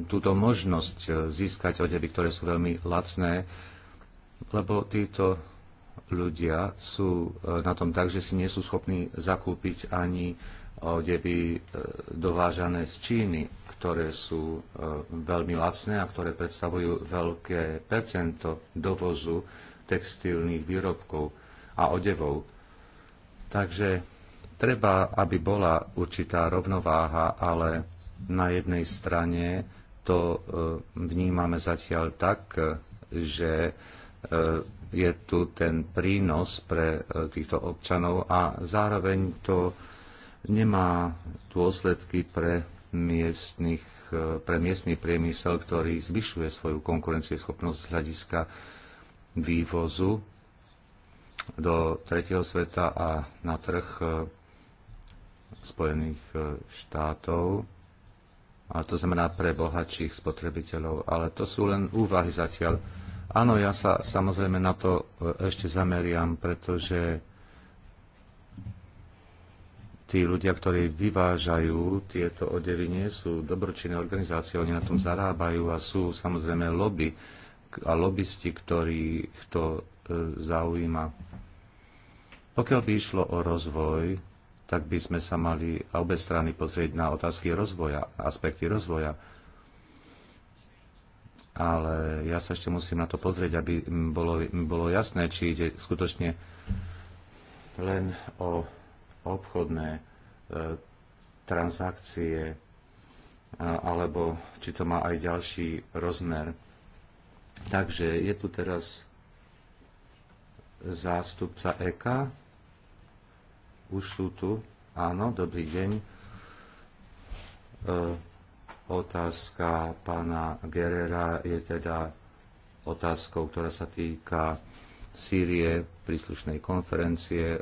túto možnosť získať odeby, ktoré sú veľmi lacné, lebo títo ľudia sú na tom tak, že si nie sú schopní zakúpiť ani odeby dovážané z Číny ktoré sú e, veľmi lacné a ktoré predstavujú veľké percento dovozu textilných výrobkov a odevov. Takže treba, aby bola určitá rovnováha, ale na jednej strane to e, vnímame zatiaľ tak, že e, je tu ten prínos pre týchto občanov a zároveň to nemá dôsledky pre miestnych, e, pre miestny priemysel, ktorý zvyšuje svoju konkurencieschopnosť z hľadiska vývozu do tretieho sveta a na trh e, Spojených e, štátov. A to znamená pre bohatších spotrebiteľov. Ale to sú len úvahy zatiaľ. Áno, ja sa samozrejme na to ešte zameriam, pretože tí ľudia, ktorí vyvážajú tieto odevy, nie sú dobročinné organizácie, oni na tom zarábajú a sú samozrejme lobby a lobbysti, ktorých to e, zaujíma. Pokiaľ by išlo o rozvoj, tak by sme sa mali obe strany pozrieť na otázky rozvoja, aspekty rozvoja. Ale ja sa ešte musím na to pozrieť, aby bolo, bolo jasné, či ide skutočne len o obchodné e, transakcie, e, alebo či to má aj ďalší rozmer. Takže je tu teraz zástupca EK. Už sú tu. Áno, dobrý deň. E, otázka pána Gerera je teda otázkou, ktorá sa týka Sýrie, príslušnej konferencie e,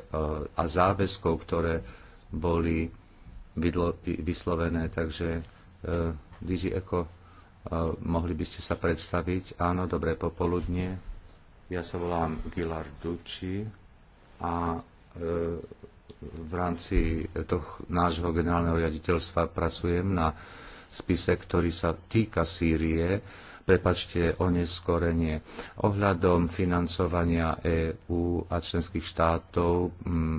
a záväzkov, ktoré boli vyslovené. Takže e, Digi Eko, e, mohli by ste sa predstaviť? Áno, dobré popoludne. Ja sa volám Gilar Duči a v rámci toho nášho generálneho riaditeľstva pracujem na spise, ktorý sa týka Sýrie prepačte, oneskorenie. Ohľadom financovania EÚ a členských štátov mm,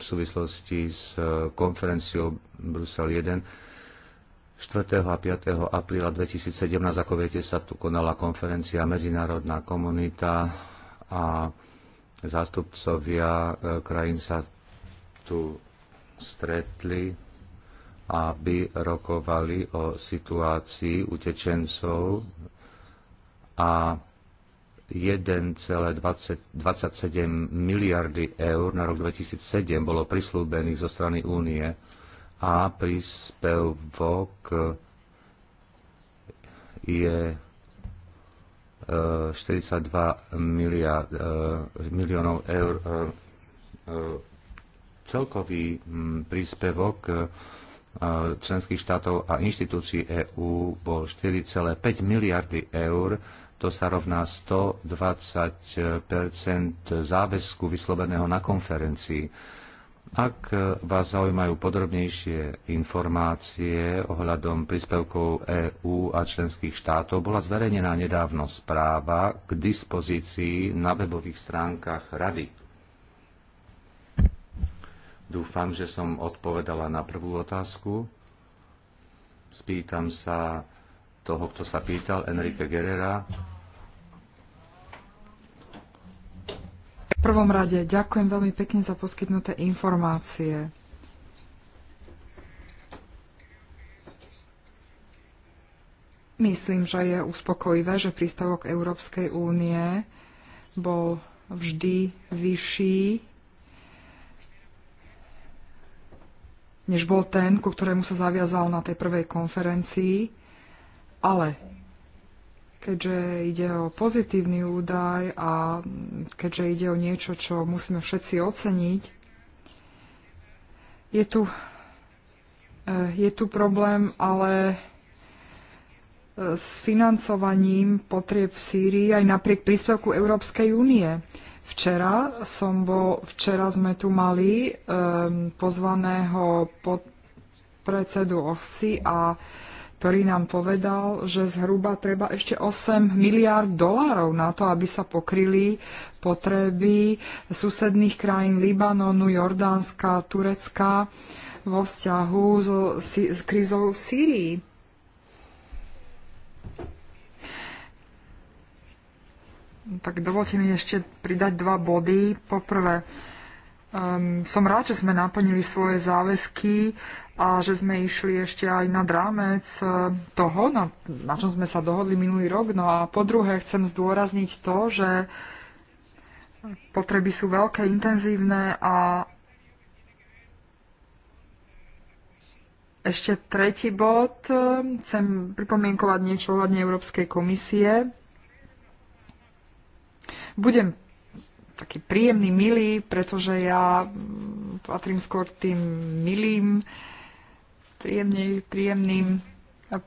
v súvislosti s e, konferenciou Brusel 1 4. a 5. apríla 2017, ako viete, sa tu konala konferencia Medzinárodná komunita a zástupcovia e, krajín sa tu stretli aby rokovali o situácii utečencov a 1,27 miliardy eur na rok 2007 bolo prislúbených zo strany únie a príspevok je 42 e, miliard, e, miliónov eur. E, celkový príspevok členských štátov a inštitúcií EÚ bol 4,5 miliardy eur. To sa rovná 120 záväzku vysloveného na konferencii. Ak vás zaujímajú podrobnejšie informácie ohľadom príspevkov EÚ a členských štátov, bola zverejnená nedávno správa k dispozícii na webových stránkach Rady Dúfam, že som odpovedala na prvú otázku. Spýtam sa toho, kto sa pýtal, Enrique Guerrera. V prvom rade ďakujem veľmi pekne za poskytnuté informácie. Myslím, že je uspokojivé, že príspevok Európskej únie bol vždy vyšší než bol ten, ku ktorému sa zaviazal na tej prvej konferencii. Ale keďže ide o pozitívny údaj a keďže ide o niečo, čo musíme všetci oceniť, je tu, eh, je tu problém, ale eh, s financovaním potrieb v Sýrii aj napriek príspevku Európskej únie. Včera som bol, včera sme tu mali um, pozvaného podpredsedu OFSI a ktorý nám povedal, že zhruba treba ešte 8 miliárd dolárov na to, aby sa pokryli potreby susedných krajín Libanonu, Jordánska, Turecka vo vzťahu s, s krízou v Sýrii. tak dovolte mi ešte pridať dva body. Poprvé, um, som rád, že sme naplnili svoje záväzky a že sme išli ešte aj na rámec uh, toho, na, na čom sme sa dohodli minulý rok. No a po druhé, chcem zdôrazniť to, že potreby sú veľké, intenzívne a ešte tretí bod. Um, chcem pripomienkovať niečo ohľadne Európskej komisie budem taký príjemný, milý, pretože ja mm, patrím skôr tým milým, príjemný, príjemným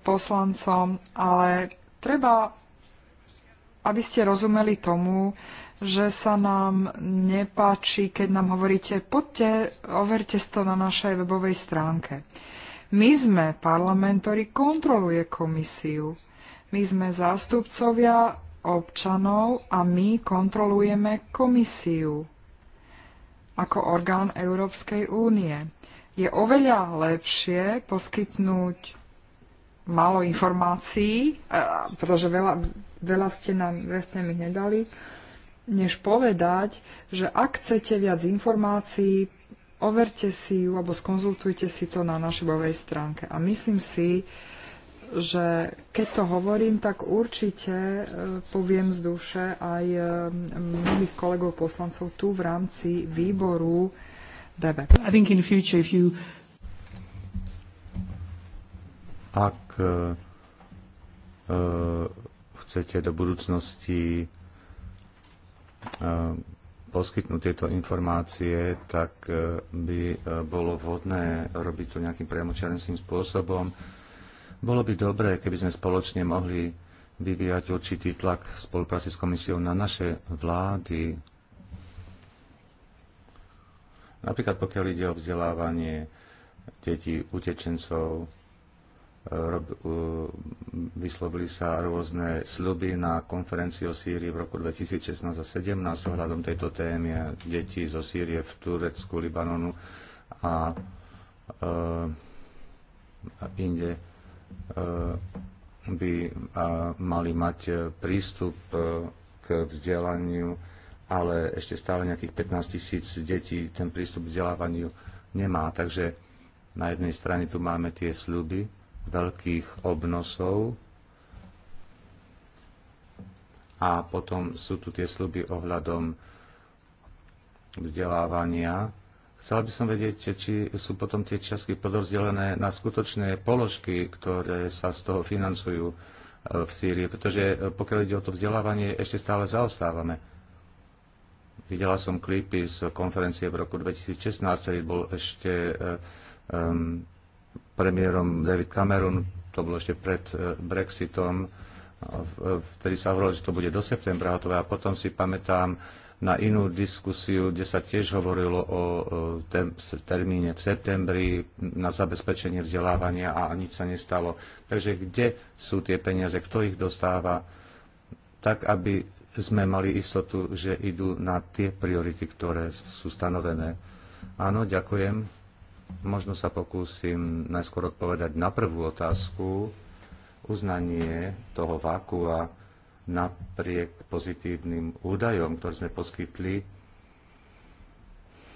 poslancom, ale treba, aby ste rozumeli tomu, že sa nám nepáči, keď nám hovoríte, poďte, overte to na našej webovej stránke. My sme parlament, ktorý kontroluje komisiu. My sme zástupcovia občanov a my kontrolujeme komisiu ako orgán Európskej únie. Je oveľa lepšie poskytnúť málo informácií, pretože veľa, veľa ste nám vlastne mi nedali, než povedať, že ak chcete viac informácií, overte si ju alebo skonzultujte si to na našej webovej stránke. A myslím si, že keď to hovorím, tak určite e, poviem z duše aj e, mnohých kolegov poslancov tu v rámci výboru DB. I think in future if you... Ak uh, chcete do budúcnosti poskytnúť tieto informácie, tak by bolo vhodné robiť to nejakým priamočiarným spôsobom bolo by dobré, keby sme spoločne mohli vyvíjať určitý tlak v spolupráci s komisiou na naše vlády. Napríklad pokiaľ ide o vzdelávanie detí utečencov, vyslovili sa rôzne sľuby na konferencii o Sýrii v roku 2016 a 2017 ohľadom tejto témy detí zo Sýrie v Turecku, Libanonu a e, a inde. E, by mali mať e, prístup e, k vzdelaniu, ale ešte stále nejakých 15 tisíc detí ten prístup k vzdelávaniu nemá. Takže na jednej strane tu máme tie sľuby veľkých obnosov a potom sú tu tie sľuby ohľadom vzdelávania Chcel by som vedieť, či sú potom tie časky podozdelené na skutočné položky, ktoré sa z toho financujú e, v Sýrii, pretože e, pokiaľ ide o to vzdelávanie, ešte stále zaostávame. Videla som klipy z konferencie v roku 2016, ktorý bol ešte um, premiérom David Cameron, to bolo ešte pred Brexitom, vtedy sa hovorilo, že to bude do septembra hotové a potom si pamätám, na inú diskusiu, kde sa tiež hovorilo o termíne v septembri na zabezpečenie vzdelávania a nič sa nestalo. Takže kde sú tie peniaze, kto ich dostáva, tak aby sme mali istotu, že idú na tie priority, ktoré sú stanovené. Áno, ďakujem. Možno sa pokúsim najskôr odpovedať na prvú otázku. Uznanie toho vákua. a napriek pozitívnym údajom, ktoré sme poskytli,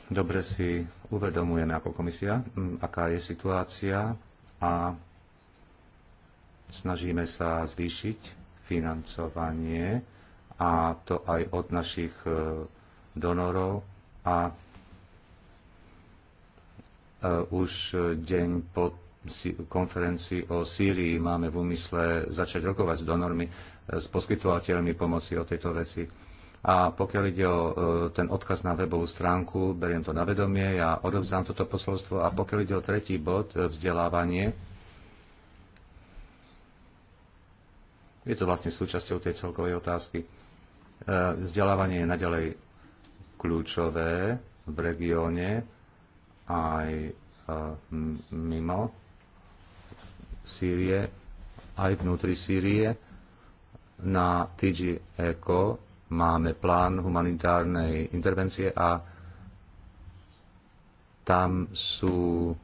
dobre si uvedomujeme ako komisia, aká je situácia a snažíme sa zvýšiť financovanie a to aj od našich e, donorov a e, už deň po konferencii o Sýrii máme v úmysle začať rokovať s donormi s poskytovateľmi pomoci o tejto veci. A pokiaľ ide o e, ten odkaz na webovú stránku, beriem to na vedomie, ja odovzdám toto posolstvo. A pokiaľ ide o tretí bod, e, vzdelávanie, je to vlastne súčasťou tej celkovej otázky. E, vzdelávanie je naďalej kľúčové v regióne aj mimo Sýrie, aj vnútri Sýrie na TG Eco máme plán humanitárnej intervencie a tam sú e,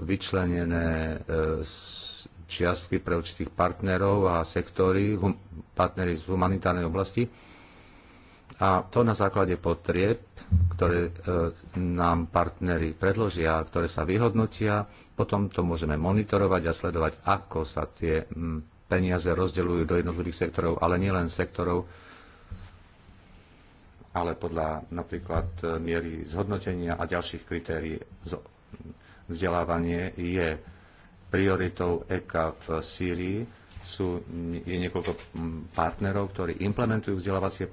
vyčlenené e, čiastky pre určitých partnerov a sektory, hum, partnery z humanitárnej oblasti. A to na základe potrieb, ktoré e, nám partnery predložia, ktoré sa vyhodnotia, potom to môžeme monitorovať a sledovať, ako sa tie m, peniaze rozdeľujú do jednotlivých sektorov, ale nielen sektorov, ale podľa napríklad e, miery zhodnotenia a ďalších kritérií vzdelávanie je prioritou EK v Sýrii. Sú, je niekoľko partnerov, ktorí implementujú vzdelávacie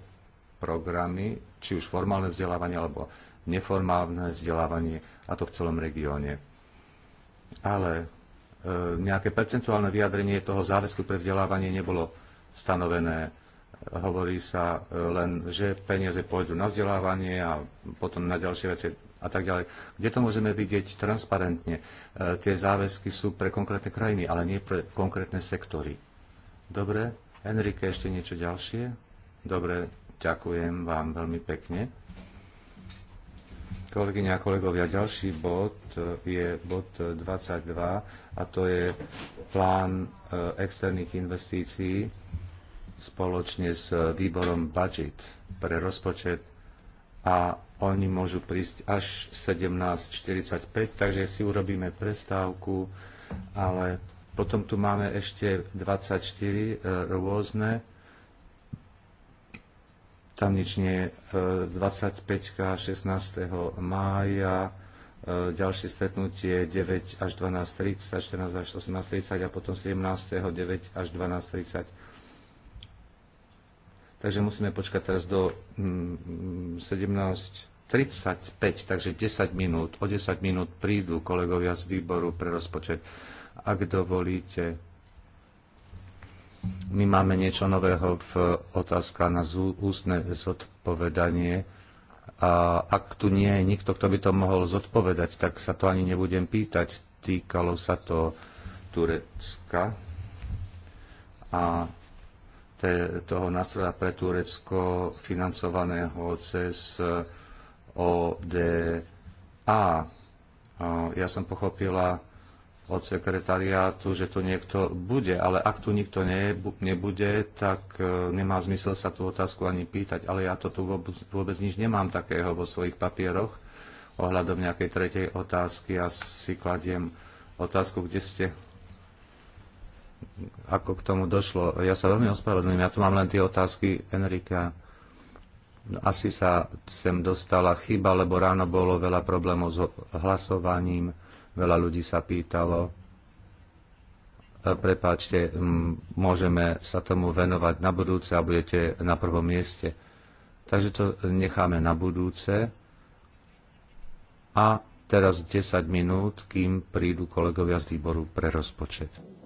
programy, či už formálne vzdelávanie alebo neformálne vzdelávanie, a to v celom regióne. Ale E, nejaké percentuálne vyjadrenie toho záväzku pre vzdelávanie nebolo stanovené. Hovorí sa e, len, že peniaze pôjdu na vzdelávanie a potom na ďalšie veci a tak ďalej. Kde to môžeme vidieť transparentne? E, tie záväzky sú pre konkrétne krajiny, ale nie pre konkrétne sektory. Dobre, Enrique, ešte niečo ďalšie? Dobre, ďakujem vám veľmi pekne. Kolegyne a kolegovia, ďalší bod eh, je bod 22 eh, a to je plán eh, externých investícií spoločne s výborom budget pre rozpočet a oni môžu prísť až 17.45, takže si urobíme prestávku, ale potom tu máme ešte 24 rôzne tam nič nie je. 25. E, 16. mája e, ďalšie stretnutie 9 až 12.30, 14 až 18.30 a potom 17. 9 až 12.30. Takže musíme počkať teraz do 17.35, mm, takže 10 minút. O 10 minút prídu kolegovia z výboru pre rozpočet. Ak dovolíte, my máme niečo nového v otázka na ústne zodpovedanie. A ak tu nie je nikto, kto by to mohol zodpovedať, tak sa to ani nebudem pýtať. Týkalo sa to Turecka a te, toho nástroja pre Turecko financovaného cez ODA. Ja som pochopila, od sekretariátu, že tu niekto bude, ale ak tu nikto nebude, tak e, nemá zmysel sa tú otázku ani pýtať. Ale ja to tu vôbec, vôbec nič nemám takého vo svojich papieroch ohľadom nejakej tretej otázky. Ja si kladiem otázku, kde ste ako k tomu došlo. Ja sa veľmi ospravedlňujem, ja tu mám len tie otázky Enrika. Asi sa sem dostala chyba, lebo ráno bolo veľa problémov s hlasovaním Veľa ľudí sa pýtalo, e, prepáčte, môžeme sa tomu venovať na budúce a budete na prvom mieste. Takže to necháme na budúce. A teraz 10 minút, kým prídu kolegovia z výboru pre rozpočet.